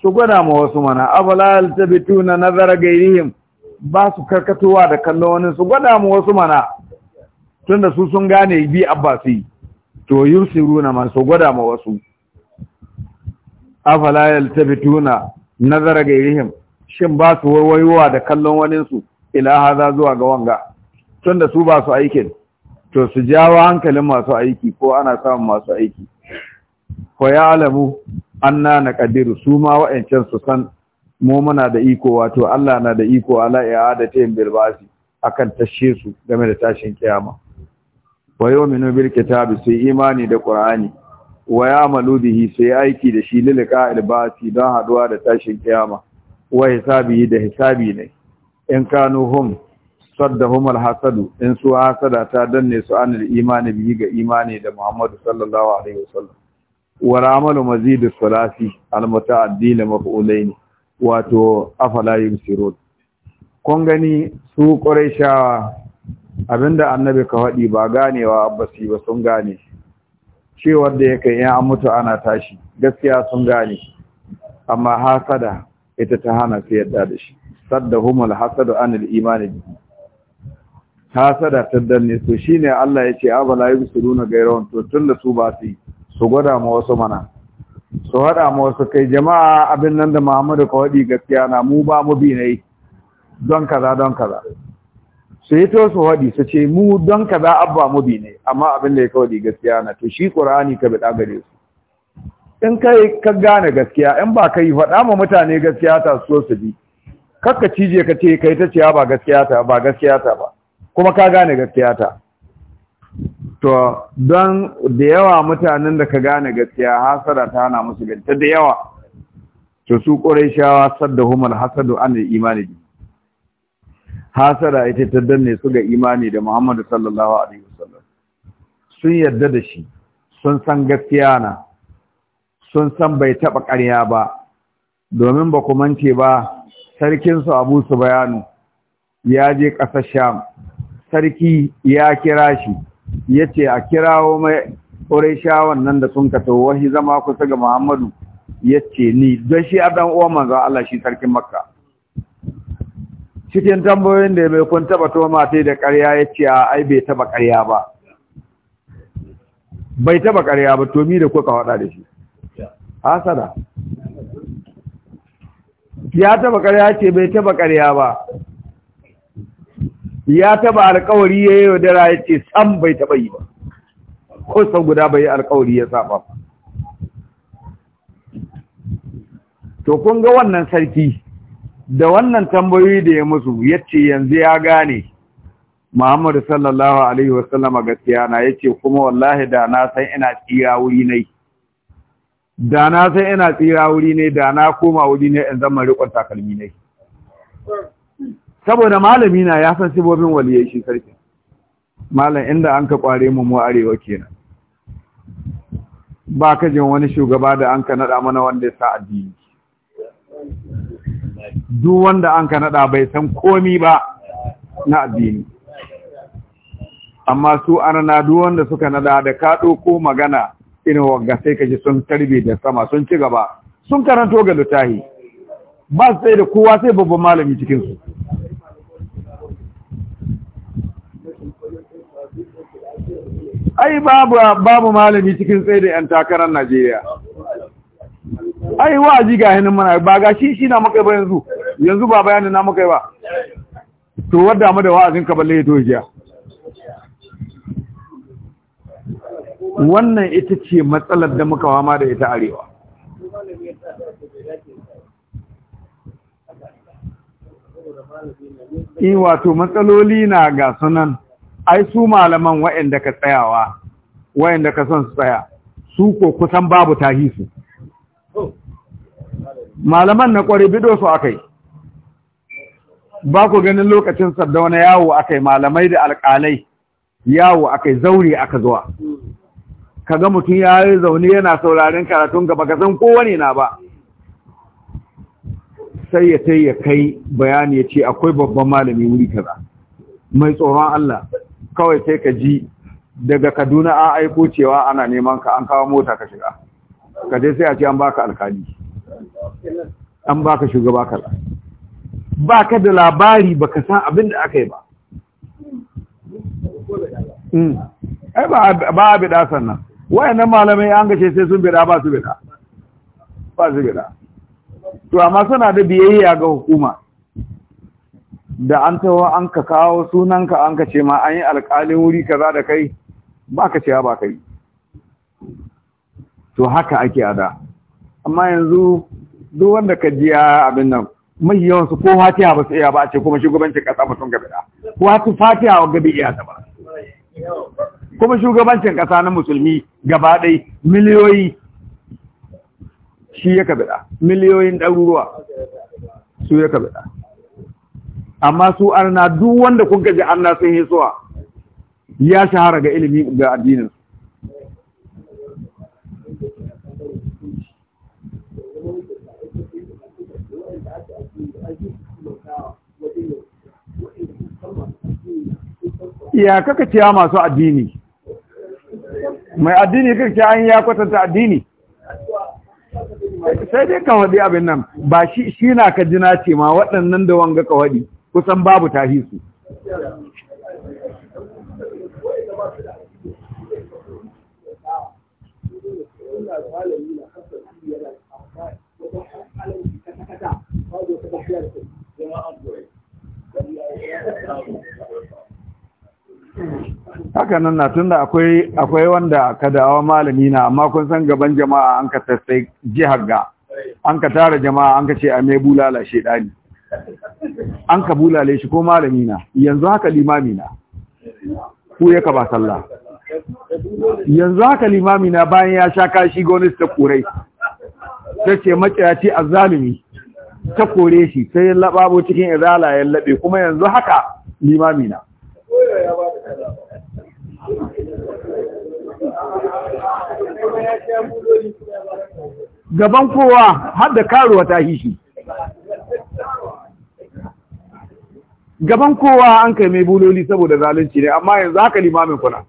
su gwada ma wasu mana afala na nazara gairihim ba su karkatowa da kallon wani su gwada ma wasu mana tunda su sun gane bi abbasi to yubsiruna man su gwada ma wasu afala yaltabituna nazara gairihim shin ba su warwayowa da kallon waninsu ila haza zuwa ga wanga tunda su ba su aikin to su jawo hankalin masu aiki ko ana samun masu aiki ko ya alamu anna na kadiru su ma wa'ancan su san mu muna da iko wato Allah na da iko ala ta bil ba'si akan tashe su game da tashin kiyama wa yu'minu bil kitabi sai imani da qur'ani wa ya'malu bihi sai aiki da shi lilqa qa'il ba'si don haduwa da tashin kiyama wa hisabi da hisabi ne in kanu hum saddahum alhasadu in su hasada ta danne su anil imani bi ga imani da Muhammadu sallallahu alaihi wasallam wa ramalu mazidu salasi almutaaddi li maf'ulaini wato afala yusirun kun gani su quraishawa abinda annabi ka faɗi ba ganewa abbasi ba sun gane cewar da yake in an mutu ana tashi gaskiya sun gane amma hasada ita ta hana su yadda da shi saddahum alhasadu anil imani bihi hasada ta ne to shine Allah ya ce abala suruna gairawan, to tunda su ba su su gwada ma wasu mana su hada ma wasu kai jama'a abin nan da Muhammadu ka wadi gaskiya na mu ba mu bi ne don kaza don kaza su to su wadi su ce mu don kaza abba mu bi ne amma abin da ya kawai gaskiya na to shi qur'ani ka bi dagare su in kai ka gane gaskiya in ba kai faɗa ma mutane gaskiya ta so su bi kakka cije ka ce kai ta ciya ba gaskiya ta ba gaskiya ta ba kuma ka gane gaskiya ta to don da yawa mutanen da ka gane gaskiya hasara ta hana musu ganta da yawa to su quraishawa humar hasadu an imani hasara ita ta danne su ga imani da Muhammadu sallallahu alaihi wasallam sun yarda da shi sun san gaskiya na sun san bai taɓa ƙarya ba domin ba ku mance ba sarkinsu abu su bayanu ya je ƙasar sham sarki ya kira shi ya ce a kirawo mai ƙorashawan nan da sun kato wahi zama kusa ga muhammadu ya ce ni don shi a ɗan uwan manzan Allah shi sarkin makka cikin tambayoyin da mai kun taɓa to da ƙarya ya ce a ai bai taɓa ƙarya ba bai taɓa ƙarya ba to mi da kuka waɗa da shi hasada ya taba ƙarya ce bai taba ƙarya ba ya taba alƙawari ya yi dara ya ce sam bai taba yi ba ko sau guda bai yi alƙawari ya saba to kun ga wannan sarki da wannan tambayoyi da ya musu ya ce yanzu ya gane Muhammadu sallallahu Alaihi wasallama gaskiya na ya ce kuma wallahi da na san ina tsira wuri nai da na sai ina tsira wuri ne da na koma wuri ne in zama riƙon takalmi ne saboda malami na ya san sibobin waliyai shi sarki malam inda an ka kware mu mu arewa kenan ba ka jin wani shugaba da an ka nada mana wanda ya sa addini duk wanda an ka nada bai san komi ba na addini amma su anana duk wanda suka naɗa da ka ko magana irin wanga sai ka ji sun tarbe da sama sun ci gaba sun karanto ga littahi ba su sai da kowa sai babban malami cikinsu ai babu babu malami cikin tsaye da 'yan takarar Najeriya ai wa'azi ga hannun mana ba ga shi shi na makaiba ba yanzu yanzu ba bayanin na makaiba. ba to wadda mu da wa'azin ka balle ya to jiya wannan ita ce matsalar da muka wama da ita arewa in eh, wato matsaloli na ga sunan ai su malaman waɗanda ka tsayawa waɗanda ka son su tsaya su ko kusan babu tahisu malaman na kwari bido su yi ba ku ganin lokacin sarda wani yawo yi malamai da alƙalai yawo yi zaure aka zuwa kaga mutum ya yi zaune yana sauraren karatun gaba ka san kowane na ba sai ya tai ya kai bayani ya ce akwai babban malami wuri kaza mai tsoron Allah kawai sai ka ji daga Kaduna an aiko cewa ana neman ka an kawo mota ka shiga ka je sai a ce an baka alkali an baka shugaba kaza baka da labari baka san abin da aka yi ba hmm. ai ba abi bi nan wayannan malamai an gace sai sun bida ba su bida ba su bida to amma suna da biyayya ga hukuma da an tawo an ka kawo sunanka an ka ce ma an yi alƙalin wuri kaza da kai ba ka ce ba kai to haka ake ada amma yanzu duk wanda ka jiya abin nan mai yawan su ko fatiha ba su iya ba a ce kuma shugabancin kasa ba sun gabe da ko fatiha wa gabe iya ta ba kuma shugabancin ƙasa na musulmi gaba ɗai miliyoyi shi ya kabida miliyoyin ɗaruruwa su ya kabida amma su arna duk wanda kun gaji arna sun yi suwa ya shahara ga ilimi ga addinin ya kaka ciya masu addini mai addini kirki an ya kwatanta addini sai dai ka waɗi abin nan ba shi na ka ce ma waɗannan da wanga ka waɗi kusan babu tahisu haka nan na tunda akwai akwai wanda kadawa malami na amma kun san gaban jama'a an ka tassai jihar ga an ka tara jama'a an ka ce a mai bulala shedani an ka bulale shi ko malami na yanzu haka limami na ku ya ba sallah yanzu haka limami na bayan ya sha kashi gonis ta kurai ta ce maciyaci zalimi ta kore shi sai ya labo cikin izala ya labe kuma yanzu haka limami na gaban kowa har da karuwa ta hishi gaban kowa an kai mai buloli saboda zalunci ne amma yanzu haka limamin kuna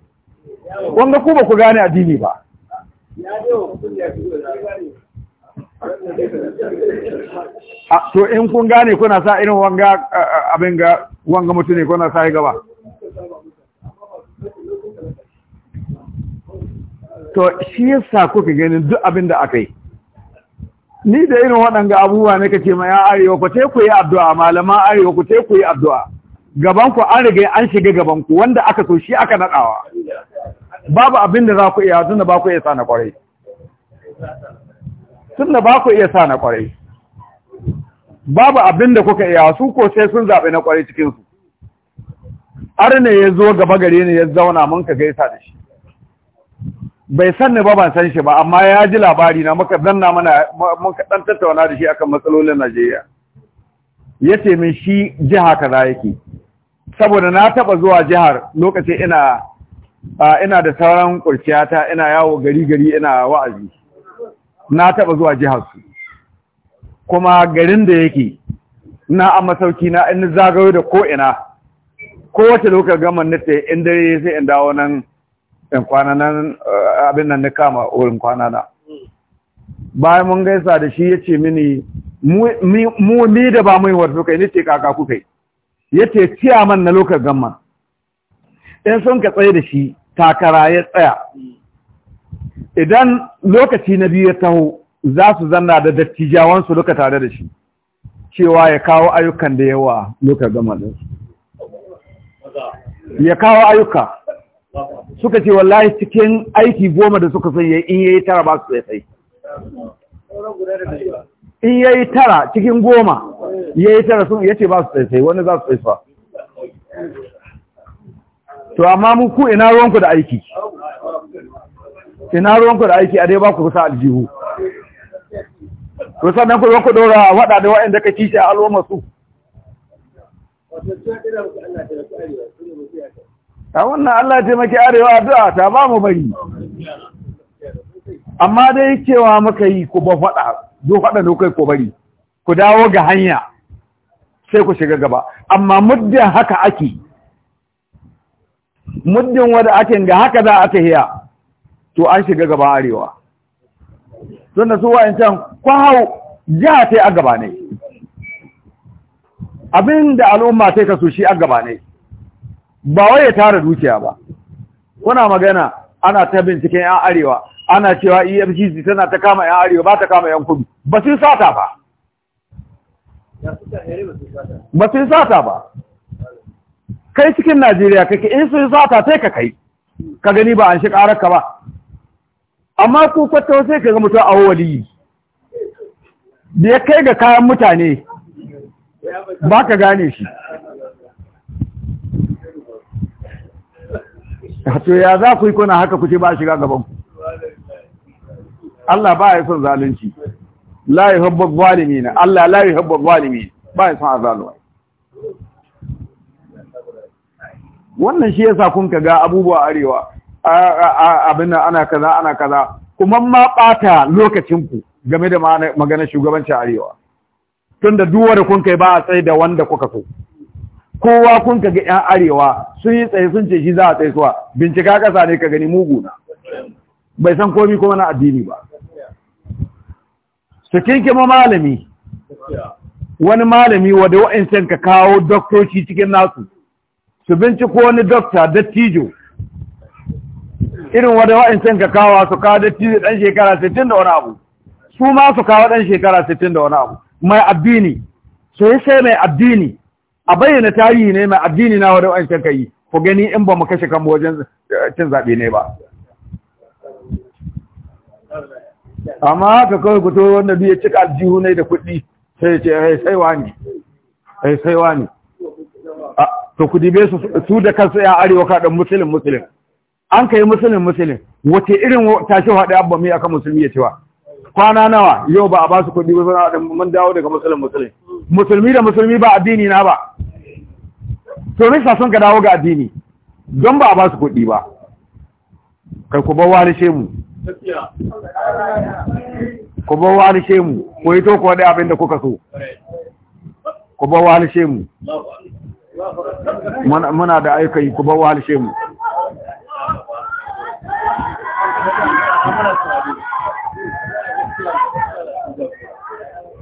wanda ku ba ku gane addini ba to in kun gane kuna sa irin wanga abin ga wanga mutum ne kuna sa gaba to shi yasa kuka ganin duk abin da aka yi ni da irin waɗanda abubuwa ne kace ma ya arewa ku te ku yi addu'a malama arewa ku te ku yi addu'a gaban ku an riga an shiga gaban ku wanda aka so shi aka nadawa babu abin da za ku iya tunda ba ku iya na kwarai tunda ba ku iya na kwarai babu abin da kuka iya su ko sai sun zabe na kwarai cikin su arne ya zo gaba gare ne ya zauna mun ka gaisa da shi bai san sanni ba ban san shi ba amma ya ji labari na muka zanna mana muka dan tattauna da shi akan matsalolin Najeriya yace min shi jiha kaza yake saboda na taba zuwa jihar lokacin ina ina da sauran kurciyata ina yawo gari gari ina wa'azi na taba zuwa jihar su kuma garin da yake na a masauki na in zagayo da ko ina kowace lokacin gaman nace in dare sai in dawo nan in kwana nan eh, abin nan na kama wurin kwana na hmm. bayan mun gaisa da shi ya ce mini mu ni da ba mai wato kai ni ce kaka ku kai ya ce man na lokar gamma in sun ka tsaye da shi takara ya tsaya hmm. idan lokaci na biyu ya taho za su zanna da su duka tare da shi cewa ya kawo ayyukan da yawa lokar gama ɗinsu ya kawo ayyuka suka ce wallahi cikin aiki goma da suka sanya in yayi tara ba su sai in yayi tara cikin goma yayi tara sun yace ba su sai wani za su sai fa to amma mu ku ina ruwanku da aiki ina ruwanku da aiki a dai ba ku kusa aljihu to sannan ku ku dora wada da wa'anda ka kishi a al'umma su a wannan Allah taimake arewa addu'a ta ba mu bari amma dai cewa muka yi ku ba faɗa zo faɗa ne kai ku bari ku dawo ga hanya sai ku shiga gaba amma muddin haka ake muddin wanda ake ga haka za a tahiya to an shiga gaba arewa don da su can kwahau jiha ta yi a gaba ne abin da al'umma ta kasu shi a gaba ne ba wai ya tara dukiya ba kuna magana ana ta binciken yan arewa ana cewa EFCC tana ta kama yan arewa ba ta kama yan kudu ba sun sata ba ba sun sata ba kai cikin Najeriya kake in sun sata sai ka kai ka gani ba an shi ƙararka ba amma ku kwata sai ka ga mutum a Wali da ya kai ga kayan mutane ba ka gane shi to ya za ku yi kuna haka ku ce ba shiga gaban ku Allah ba ya son zalunci la zalimi ne Allah la hubba zalimi ba ya son azalwa wannan shi yasa kun kaga abubuwa arewa abin nan ana kaza ana kaza kuma ma bata lokacin ku game da magana shugabancin arewa tunda duwar kun kai ba a tsaye da wanda kuka so kowa kun ga yan arewa sun yi tsaye sun ce shi za a tsaye suwa bincika kasa ne ka gani muguna bai san komi kuma na addini ba su kinkima malami wani malami wadda wa'insan ka kawo doktoci cikin nasu su binciko wani dokta dattijo irin wadda wa'insan ka kawo su kawo dattijo ɗan shekara 60 da wani abu su ma su kawo ɗan shekara 60 da wani abu mai addini su yi sai mai addini a bayyana tarihi ne mai addini na wadda wancan kai ku gani in ba mu kashe kan wajen eh, cin zaɓe ne ba amma haka kawai ku wanda biya cika aljihu ne da kuɗi sai ce ai eh, sai wani ai eh, sai ne to ku dibe su su da kansu ya arewa kaɗan musulun musulun an kai musulun musulun wace irin tashi haɗe abba mai aka musulmi ya cewa kwana nawa yau ba a ba su kuɗi ba sun mun dawo daga musulun musulun musulmi da musulmi ba addini na ba to me sa sun ka dawo ga addini don ba a ba su kuɗi ba kai ku bawa ni shemu ku bawa ni shemu ku yi to ku waɗe abin da kuka so ku bawa ni shemu muna da aika ku bawa ni shemu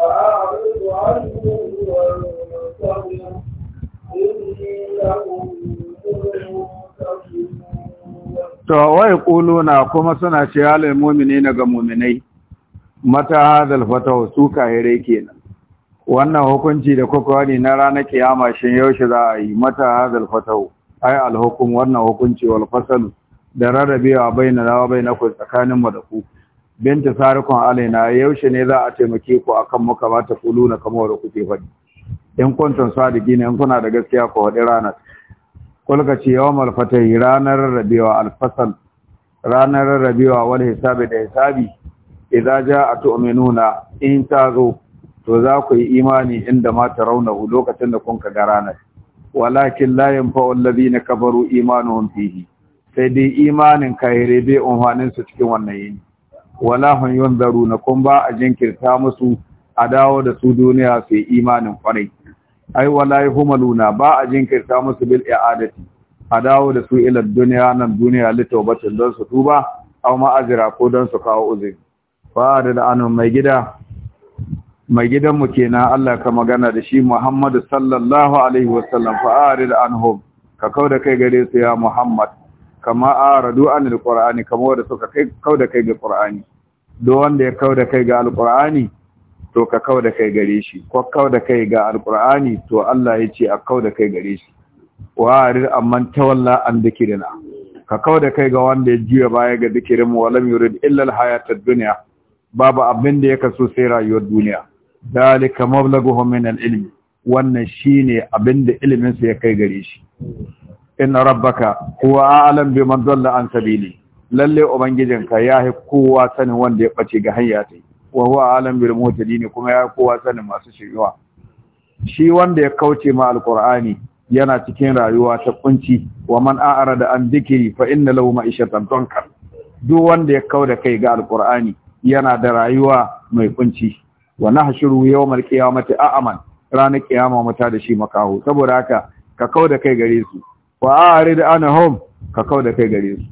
Kulu na To, wai kuma suna ce halin mumini na ga muminai, mata hadal fatawa su kahirai kenan. Wannan hukunci da wani na ranar kiyama shi yaushe za a yi mata hadal fatawa, ai alhukum wannan hukunci wal da rarrabewa bai na rawa bai na ku tsakaninmu da ku. binta sarikon alaina yaushe ne za a taimake ku akan muka ba ta kulu na kamar da kuke faɗi in kuntum ne in kuna da gaskiya ku faɗi ranar kulka ce yawmal fatahi ranar rabiwa alfasal ranar rabiwa wal hisabi da hisabi idza jaa tu'minuna in ta zo to za ku yi imani inda ma hu lokacin da kun ka ga ranar walakin la yanfa'u alladhina kafaru imanuhum fihi sai dai imanin kahire bai umhanin su cikin wannan yini wala hum na kun ba a jinkirta musu a dawo da su duniya su yi imanin kwarai ai wala luna ba a jinkirta musu bil i'adati a dawo da su ila duniya nan duniya litawbatin don su tuba aw ma'azira ko don su kawo uzuri fa da anu mai gida mai mu kenan Allah ka magana da shi Muhammadu sallallahu alaihi wasallam arid anhum ka kauda kai gare su ya Muhammad kama aradu an alqur'ani kama wanda suka kai kauda kai ga qur'ani do wanda ya kauda kai ga alqur'ani to ka kauda kai gare shi ko kauda kai ga alqur'ani to Allah ya ce a kauda kai gare shi wa amman tawalla an dikirina ka kauda kai ga wanda ya jiya baya ga dikirin mu walam yurid illa alhayatad dunya babu abin da ya kaso sai rayuwar duniya dalika mablaguhum min alilm wannan shine abin da ilimin sa ya kai gare shi inna rabbaka huwa a'lam biman dalla an sabili lalle ubangijinka yahi kowa sanin wanda ya bace ga hanya ta wa huwa a'lam bil muhtadin kuma ya kowa sanin masu shiriwa shi wanda ya kauce ma alqur'ani yana cikin rayuwa ta kunci wa man a'rada an dhikri fa inna lahu ma'ishatan tanka duk wanda ya kauda kai ga alqur'ani yana da rayuwa mai kunci wa nahshuru yawmal qiyamati a'man ranar kiyama mata da shi makaho saboda haka ka kauda kai gare su wa arid anhum ka kauda da kai gare su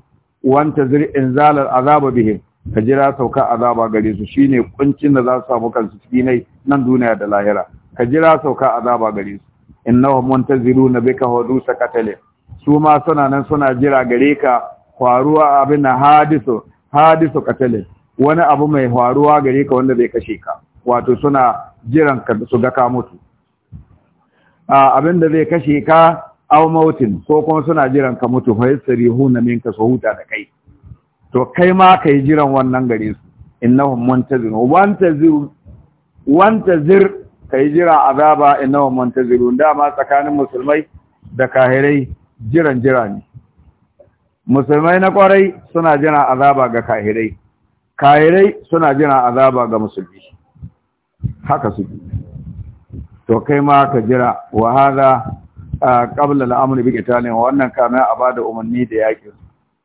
wanta zir inzal azaba bihim ka jira sauka azaba gare su shine kuncin da za su samu kansu cikin nai nan duniya da lahira ka jira sauka azaba gare su innahum muntaziruna bika hudusa qatale su ma suna nan suna jira gare ka faruwa abin hadisu hadisu katale wani abu mai faruwa gare ka wanda zai kashe ka wato suna jiran ka su ga ka mutu abin da zai kashe ka aw mautin ko kuma suna jiran ka mutu fa huna min ka huta da kai to kai ma kai jiran wannan gare su innahum muntazirun wantazir wantazir kai jira azaba innahum muntazirun dama tsakanin musulmai da kahirai jiran jira ne musulmai na kwarai suna jira azaba ga kahirai kahirai suna jira azaba ga musulmi haka suke to kai ma ka jira wa hada a qabla al'amuri bi qitalin wannan kamin a bada umarni da yakin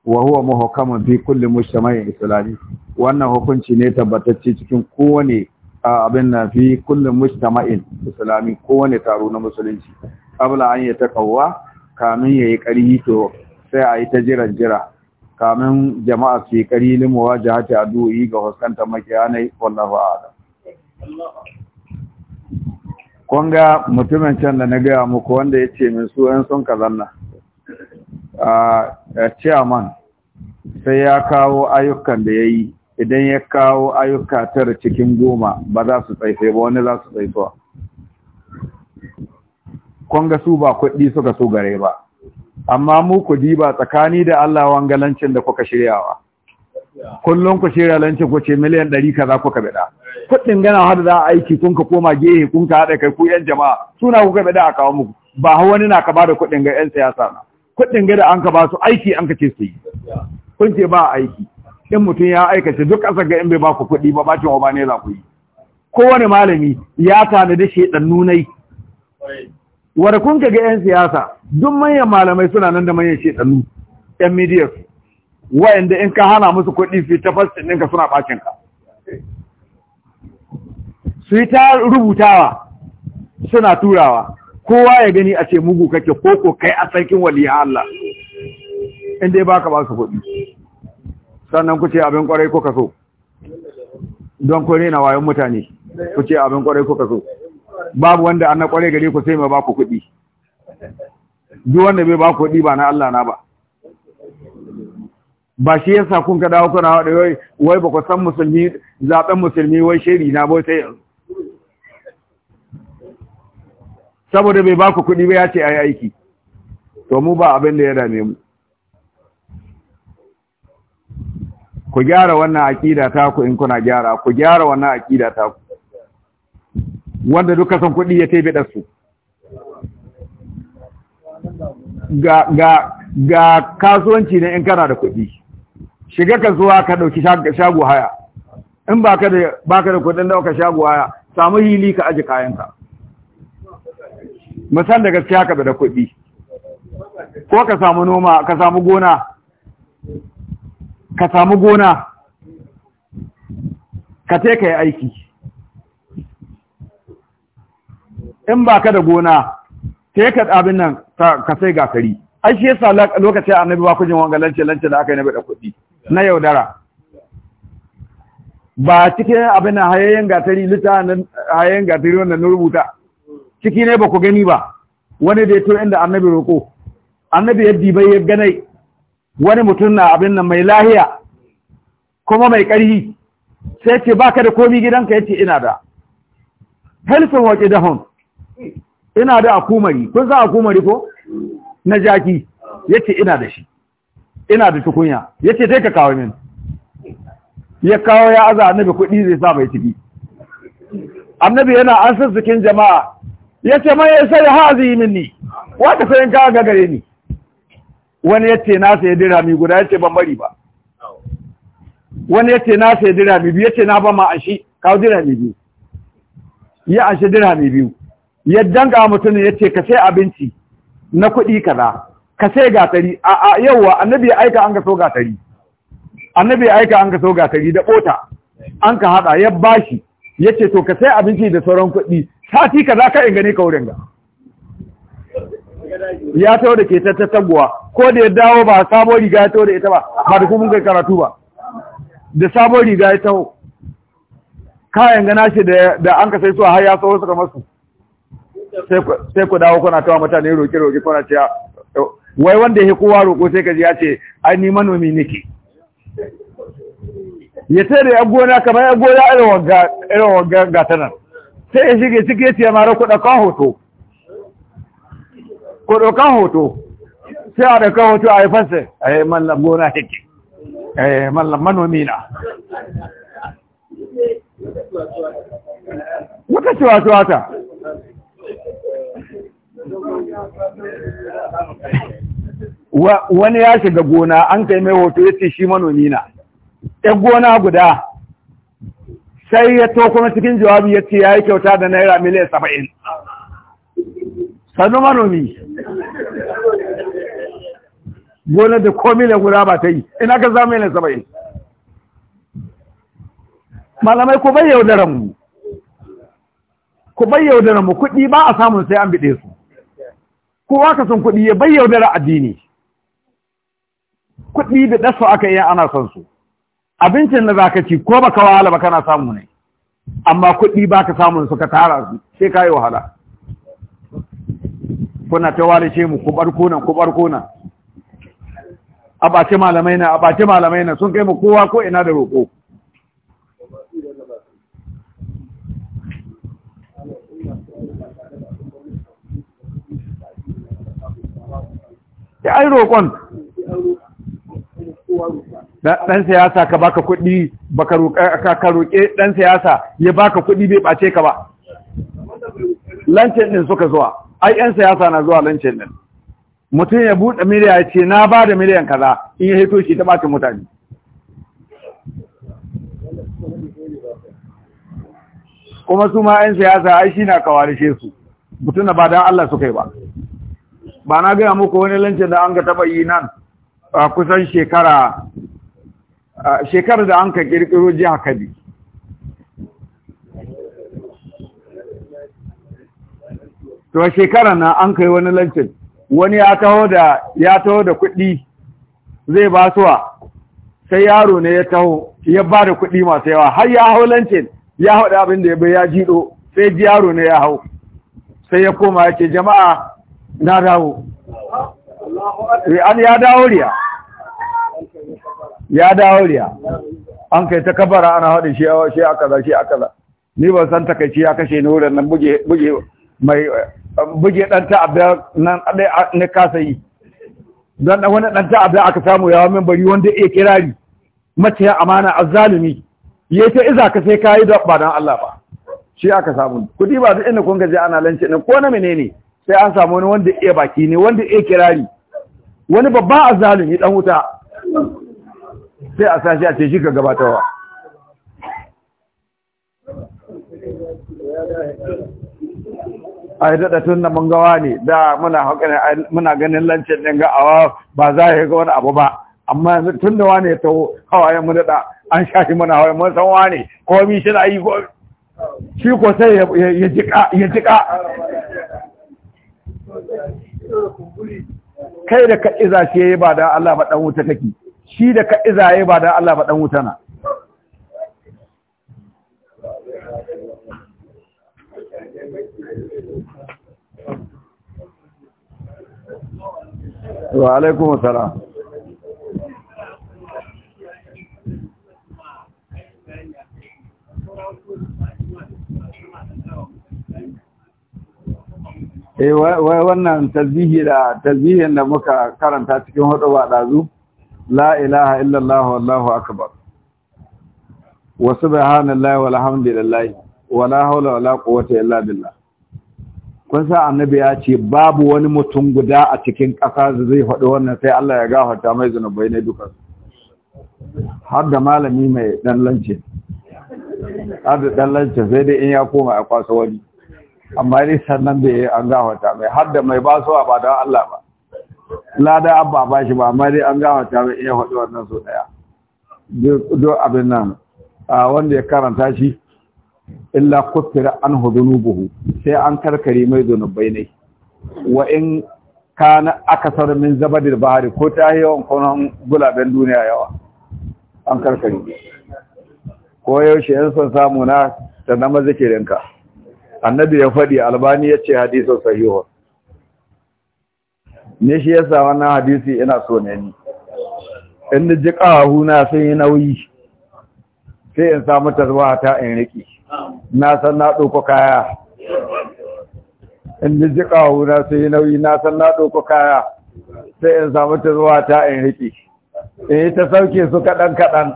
wa huwa muhkamun fi kulli mujtama'in islami wannan hukunci ne tabbatacce cikin kowane abin na fi kulli mujtama'in islami kowane taro na musulunci qabla an yi yataqawwa kamin yayi ƙari to sai a yi ta jiran jira kamin jama'a su yi ƙari limuwa jihati a ga fuskantar makiyanai wallahu kunga mutumin can da na gaya muku wanda ya ce min su ‘yan sun kazanna a chairman sai ya kawo ayyukan da ya yi idan ya kawo ayyuka tara cikin goma ba za su tsaifai ba wani za su tsaifuwa kunga su ba kuɗi suka so gare ba amma mu ku diba tsakani da Allah wangalancin da kuka shiryawa kullum ku shirya lancin ku ce miliyan ɗari kaza kuka biɗa. kuɗin gana har za a aiki kun ka koma gehe kun ka haɗa kai ku yan jama'a suna kuka bada a kawo muku ba wani na ka ba da kuɗin ga yan siyasa na kuɗin gada an ka ba su aiki an ka ce su yi kun ce ba aiki in mutum ya aikace duk ƙasar ga in bai ba ku kuɗi ba bacin wa ne za ku yi kowane malami ya tanadi shaidan nunai wanda kun ka ga yan siyasa duk manyan malamai suna nan da manyan shedanu yan midiyar wa'anda in ka hana musu kuɗi fi ta fastin ɗinka suna ɓacin ka su yi ta rubutawa suna turawa kowa ya gani a ce mugu kake koko kai a sarkin waliya Allah inda ya baka ba su kuɗi sannan ku ce abin kwarai ko kaso. don ku na wayan mutane ku ce abin kwarai ko kaso. babu wanda an na kwarai gare ku sai mai ba ku kuɗi duk wanda bai ba ku kuɗi ba na Allah na ba ba shi yasa kun ka dawo kuna wai wai ba ku san musulmi zaben musulmi wai shiri na bai sai yanzu saboda bai baku kuɗi ba ya ce yi aiki to mu ba abin da ya dame mu ku gyara wannan aƙida ta ku in kuna gyara ku gyara wannan aƙida ta ku wanda duka san kuɗi ya tebe dasu ga ga ga kasuwanci ne in kana da kuɗi shiga ka zuwa ka ɗauki shago haya in baka da baka da kuɗin ka shago haya samu hili ka aje kayanka musan da gaskiya ka da kuɗi ko ka samu noma ka samu gona ka samu gona ka te ka yi aiki in ba ka da gona te ka abin nan ka sai gafari ai shi yasa lokaci annabi ba ku jin wanga lance lance da aka yi na bada kuɗi na yaudara ba cikin abin nan hayayen gatari lita hayayen gatari wannan na rubuta ciki ne ba ku gani ba wani da ya to inda annabi roƙo annabi yaddi bai ya ganai wani mutum na abin nan mai lahiya kuma mai ƙarhi sai ce baka da komi gidanka yace ina da helfin da dahon ina da akumari kun san akumari ko na jaki yace ina da shi ina da tukunya yace dai ka kawo min ya kawo ya aza annabi kuɗi zai sa mai ciki annabi yana an sassukin jama'a ya ce mai sai hazi minni wata sayan ka ga gare ni wani ya ce nasa ya dira mi guda ya ce ban bari ba wani ya ce nasa ya dira mi biyu ya ce na ba ma ashi kawo dira mi biyu ya ashi dira mi biyu ya danga mutumin ya ce ka sai abinci na kuɗi kaza ka sai gatari a a wa annabi ya aika an ga so gatari annabi ya aika an ga so gatari da bota an ka hada ya bashi ya ce to ka sai abinci da sauran kuɗi sati ka za ka in gani ka wurin ga ya ta da ke tattattaguwa ko da ya dawo ba sabon riga ya ta da ita ba ba da kuma kai karatu ba da sabon riga ya tawo kayan gana shi da an ka sai suwa har ya tsawo suka masu sai ku dawo kuna tawa mutane roƙe-roƙe kuna ce wai wanda ya kowa roƙo sai ka ji ya ce ai ni manomi nake ya sai ya gona kamar ya gona irin wanga gata nan sai ya shige ciki ya ce mara kudakan hoto Kudakan hoto sai a ɗaukan hoto a yi fasa a yi mallam gona take a yi mallam manomi na wata cewa ta wani ya shiga gona an kai mai hoto ya ce shi manomi na ‘yan gona guda sai ya to kuma cikin jawabi ya ce ya yi kyauta da naira miliyan saba'in sannu manomi gona da ko miliyan guda ba ta yi ina ka zama miliyan saba'in malamai ku bai yaudaran mu ku bai yaudaran mu kuɗi ba a samun sai an biɗe su kowa ka sun kuɗi ya bai yaudara addini kuɗi da ɗasa aka iya ana son su abincin da zaka ci ko baka wahala ba kana samu ne amma kuɗi baka samu su ka tara su sai kai wahala kuna ta ce mu kubar barko kubar ku a bace malamai na a bace malamai na sun kai mu kowa ko ina da roƙo ya ai roƙon dan siyasa ka baka kuɗi baka roƙe ka roƙe dan siyasa ya baka kuɗi bai bace ka ba lancin din suka zuwa ai yan siyasa na zuwa lancin din mutum ya buɗe miliya ya ce na ba da miliyan kaza in ya hito shi ta ɓata mutane kuma su ma 'yan siyasa ai shi na kawarishe su mutum na ba dan Allah suka yi ba ba na gaya muku wani lancin da an ga taɓa yi nan a kusan shekara shekarar da an ka kirkiro jiha Kadi. to shekarar na an kai wani lancin wani ya taho da ya taho da kuɗi zai ba suwa sai yaro ne ya taho ya ba da kuɗi masu yawa har ya hau lancin ya hau da abin da ya bai ya jido sai ji yaro ne ya hau sai ya koma ya ce jama'a na dawo eh, an ya dawo riya ya dawo riya an kai ta kabara ana haɗe shi a shi a kaza shi a kaza ni ban san takaici ya kashe ni wurin nan buge buge mai buge dan ta'abda nan ɗaya na kasa yi ɗan wani ɗan ta'abda aka samu ya min bari wanda ya kirari mace amana a azzalimi ya ce iza ka sai kayi da ba don Allah ba shi aka samu kudi ba duk inda kun gaje ana lance ɗin, ko na menene sai an samu wani wanda ya baki ne wanda ya kirari wani babba zalumi ɗan wuta sai a sashi a ce shi ka gabatawa a yi daɗa tun da mun gawa ne da muna ganin lancin ɗin ga awa ba za a yi ga wani abu ba amma tun da wane ta hawaye mu daɗa an shafi mana hawaye mun san wane komi shi na yi ko shi ko sai ya jiƙa kai da ka iza shi ya yi ba da Allah ba ɗan wuta kake shi da ka izaye ba da Allah ba dan wutana wa alaikum wasara. eh wannan talbihi da tasbihin da muka karanta cikin hudu ba dazu la ilaha والله أكبر وسبحان wa والحمد لله wala haula wala قوة إلا بالله kun sa annabi ya ce babu wani mutum guda a cikin ƙasa da zai faɗi wannan sai Allah ya gafarta mai zunubai ne duka har da malami mai dan lance har da dan lance sai dai in ya koma a kwasa wani amma ne sannan da an gafarta mai har da mai ba a ba da Allah ba lada abba ba shi ba amma dai an gama ta mai iya faɗi wannan so ɗaya do abin nan a wanda ya karanta shi illa kuffira an buhu sai an karkare mai zunubai ne wa in kana akasar min zabadil bahari ko ta yawan kwanan gulaben duniya yawa an karkare ko yaushe yan son samu na ta nama zikirinka annabi ya faɗi albani ya ce hadisin sahihun ne shi yasa wannan hadisi ina so ne ni in ji jiƙa na sun yi nauyi sai in samu tarwa ta in riƙe na san na ɗauko kaya in ji jiƙa na sun yi nauyi na san na ɗauko kaya sai in samu tarwa ta in riƙe in eh, ta sauke su kaɗan kaɗan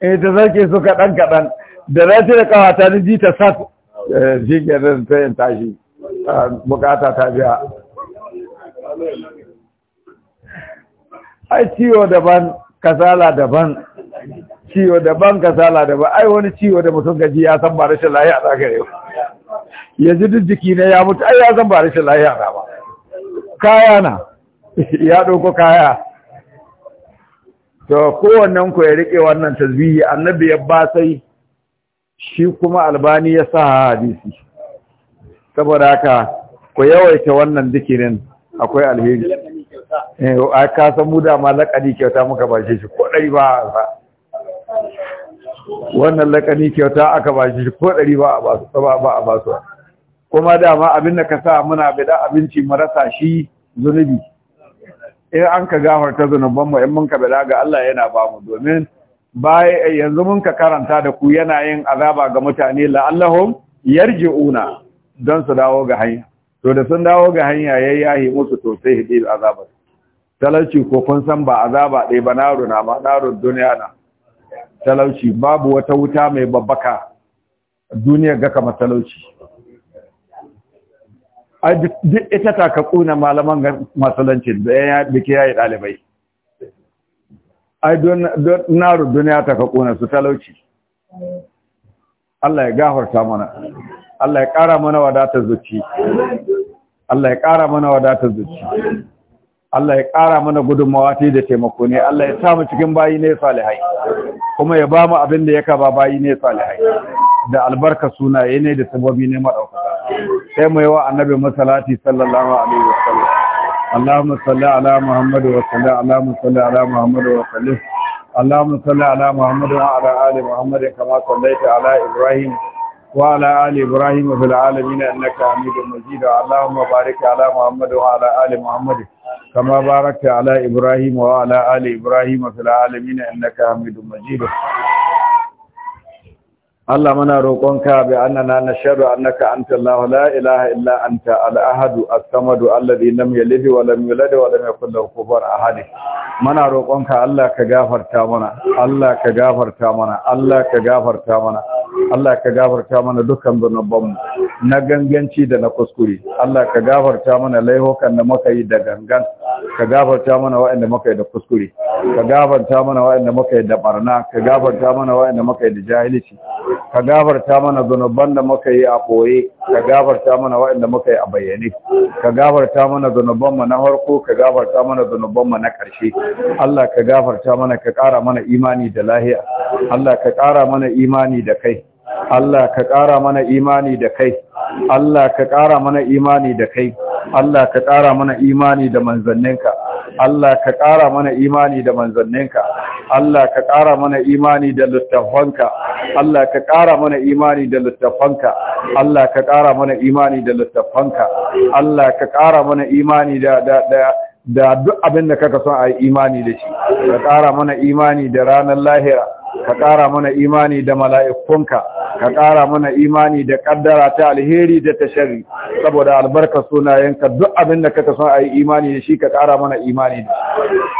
in eh, ta sauke su kaɗan kaɗan da za ce da kawata ni ji ta sat eh, shi ke sai in tashi ah, bukata ta biya ai ciwo daban kasala daban ciwo daban kasala daban ai wani ciwo da mutum gaji ya san ba rashin lahiya za ka yau yanzu duk jiki ne ya mutu ai ya san ba rashin lahiya na ba kaya na ya ɗauko kaya to kowannen ku ya riƙe wannan tasbihi annabi ya ba sai shi kuma albani ya sa hadisi saboda haka ku yawaita wannan dikirin akwai alheri eh a ka san mu da ma lakani kyauta muka bashe shi ko dari ba sa wannan lakani kyauta aka bashe shi ko dari ba a ba su ba a basu kuma dama abin da ka sa muna bida abinci marasa shi zunubi eh an ka gafarta zunuban mu in mun ka bida ga Allah yana ba mu domin baya yanzu mun ka karanta da ku yana yin azaba ga mutane la'allahum yarji'una don su dawo ga hanya to da sun dawo ga hanya ya yahi musu to sai hidi azaba talauci ko kun san ba azaba dai ba naro na ba naro duniya na talauci babu wata wuta mai babbaka duniya ga kamar talauci duk ita ta ka kuna malaman masalancin da ya biki yayi ɗalibai ai don duniya ta ka kuna su talauci Allah ya gafarta mana Allah ya ƙara mana wadatar zuci Allah ya ƙara mana wadatar zuci Allah ya ƙara mana gudunmawa ta da taimako ne Allah ya samu cikin bayi ne salihai kuma ya ba mu abin da ya kaba bayi ne salihai da albarka suna sunaye ne da sababi ne maɗaukaka sai mu yi wa annabi masalati sallallahu alaihi wa sallam salli ala اللهم صل salli ala وصل اللهم صل على محمد وسلم اللهم صل على محمد وعلى ال محمد كما صليت ala Ibrahim. وعلى آل إبراهيم في العالمين أنك حميد مجيد اللهم بارك على محمد وعلى آل محمد كما باركت على إبراهيم وعلى آل إبراهيم في العالمين أنك حميد مجيد Allah muna roƙonka bi annana nashhadu annaka anta Allah la ilaha illa anta al-ahad as-samad alladhi lam yalid wa lam yulad wa lam yakul lahu kufuwan ahad muna roƙonka Allah ka gafarta mana Allah ka gafarta mana Allah ka gafarta mana Allah ka gafarta mana dukkan zunubanmu na ganganci da na kuskure Allah ka gafarta mana laihokan da muka yi da gangan ka gafarta mana waɗanda muka yi da kuskure ka gafarta mana waɗanda muka yi da barna ka gafarta mana waɗanda muka yi da jahilci ka gafarta mana zunuban da muka yi a boye ka gafarta mana waɗanda muka yi a bayyane ka gafarta mana zunuban mu na harko ka gafarta mana zunuban mu na ƙarshe Allah ka gafarta mana ka ƙara mana imani da lahiya Allah ka ƙara mana imani da kai Allah ka ƙara mana imani da kai, Allah ka ƙara mana imani da kai, Allah ka ƙara mana imani da manzanninka, Allah ka ƙara mana imani da manzanninka Allah ka ƙara mana imani da littafanka Allah ka ƙara mana imani da littafanka Allah ka ƙara mana imani da littafanka Allah ka ƙara mana imani da da da duk abin da kaka son a imani da shi ka ƙara mana imani da ranar lahira ka ƙara mana imani da mala'ikunka ka ƙara mana imani da ƙaddara ta alheri da ta shari saboda albarka sunayenka duk abin da kaka son a yi imani da shi ka ƙara mana imani da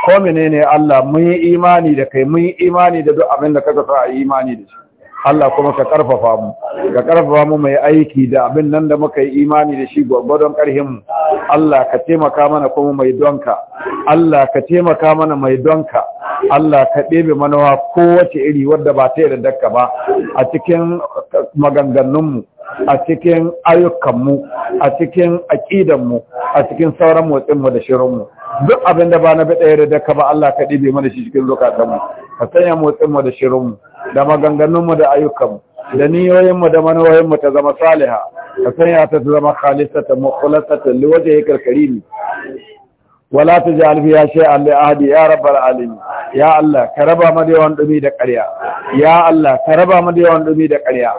ko menene Allah mun yi imani da kai mun yi imani da duk abin da kaka son a yi imani da shi Allah kuma ka ƙarfafa mu ka ƙarfafa mu mai aiki da abin nan da muka yi imani da shi gwagwadon ƙarhin mu Allah ka taimaka mana kuma mai donka Allah ka taimaka mana mai donka Allah ka ɗebe manawa kowace iri wadda ba ta da ka ba a cikin maganganunmu a cikin ayyukanmu a cikin aƙidanmu a cikin sauran motsinmu da shirinmu duk abin da ba na bi ɗaya da ka ba Allah ka ɗebe mana shi cikin zukatanmu ka sanya motsinmu da shirinmu da maganganunmu da ayyukanmu da niyoyinmu da manoyinmu ta zama saliha ka sanya ta zama khalisata mukhlasatan karkari karim wala ta ji alfiya shi Allah ahadi ya rabar alimi ya Allah ka raba mu da yawan dumi da ƙarya ya Allah ka raba mu da yawan dumi da ƙarya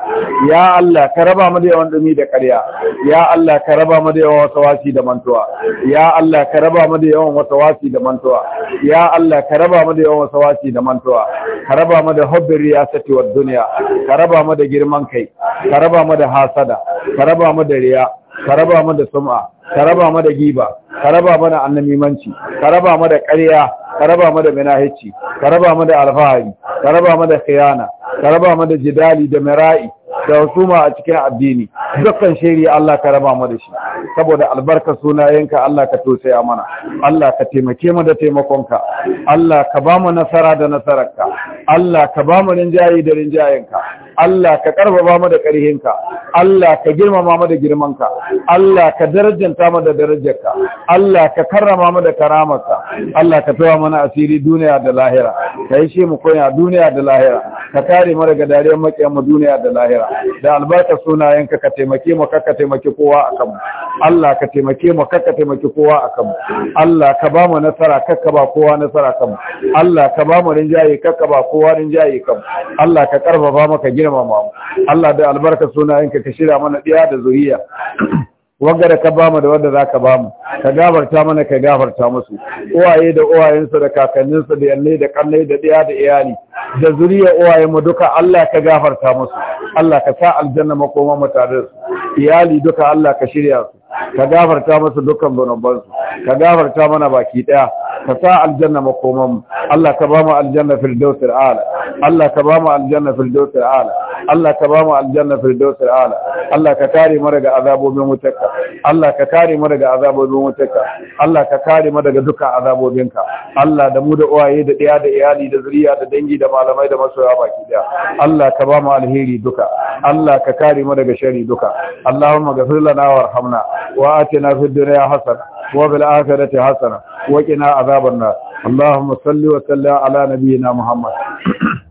ya Allah ka raba mu da yawan dumi da ƙarya ya Allah ka raba mu da yawan wasi da mantuwa ya Allah ka raba mu da yawan wasi da mantuwa ya Allah ka raba mu da yawan wasi da mantuwa ka raba mu da hubbin riyasati wad dunya ka raba mu da girman kai ka raba mu da hasada ka raba mu da riya ka raba mu da sum'a ka raba ma da giba ka raba mana da annamimanci ka raba da ƙarya ka raba ma da minahici ka raba mu da alfahari ka raba ma da khiyana ka raba da jidali da mara'i da husuma a cikin addini dukkan shiri Allah ka raba mu da shi saboda albarka sunayenka Allah ka tausaya mana Allah ka taimake mu da taimakonka Allah ka ba mu nasara da nasararka Allah ka ba mu rinjaye da rinjayenka Allah ka karfafa mu da karhinka Allah ka girmama mu da girmanka Allah ka darajanta mu da darajarka Allah ka karrama mu da karamarka Allah ka tawa mana asiri duniya da lahira ka yi shi mu koya duniya da lahira ka kare mu daga dariyar makiyan mu duniya da lahira da albarka sunayenka ka taimake mu ka taimake kowa akan mu Allah ka taimake mu ka taimake kowa akan mu Allah ka ba mu nasara ka ba kowa nasara kan mu Allah ka ba mu rinjaye ka ba kowa rinjaye kan mu Allah ka karfafa ka girma girmama mu Allah da albarka sunayenka ka shirya mana ɗaya da zuriya wanda da ka bamu da wanda za ka bamu ka gafarta mana ka gafarta musu uwaye da uwayensu da kakanninsu da yannai da kannai da ɗaya da iyali da zuriya uwaye mu duka Allah ka gafarta musu Allah ka sa aljanna makoma mu tare su iyali duka Allah ka shirya su ka gafarta musu dukan dukkan su. ka gafarta mana baki daya ka sa aljanna makoman Allah ka bamu aljanna firdausil ala Allah ka bamu aljanna firdausil ala Allah ka bamu aljanna firdausil ala Allah ka kare mu daga azabobin wutarka Allah ka kare mu daga azabobin wutarka Allah ka kare mu daga dukkan ka. Allah da mu da uwaye da ɗaya da iyali da zuriya da dangi da malamai da masoya baki daya Allah ka ba mu alheri duka Allah ka kare mu daga shari duka Allahumma ghfir lana warhamna wa atina fid dunya hasana wa fil akhirati hasana wa qina azaban Allahumma salli wa sallim ala nabiyyina Muhammad.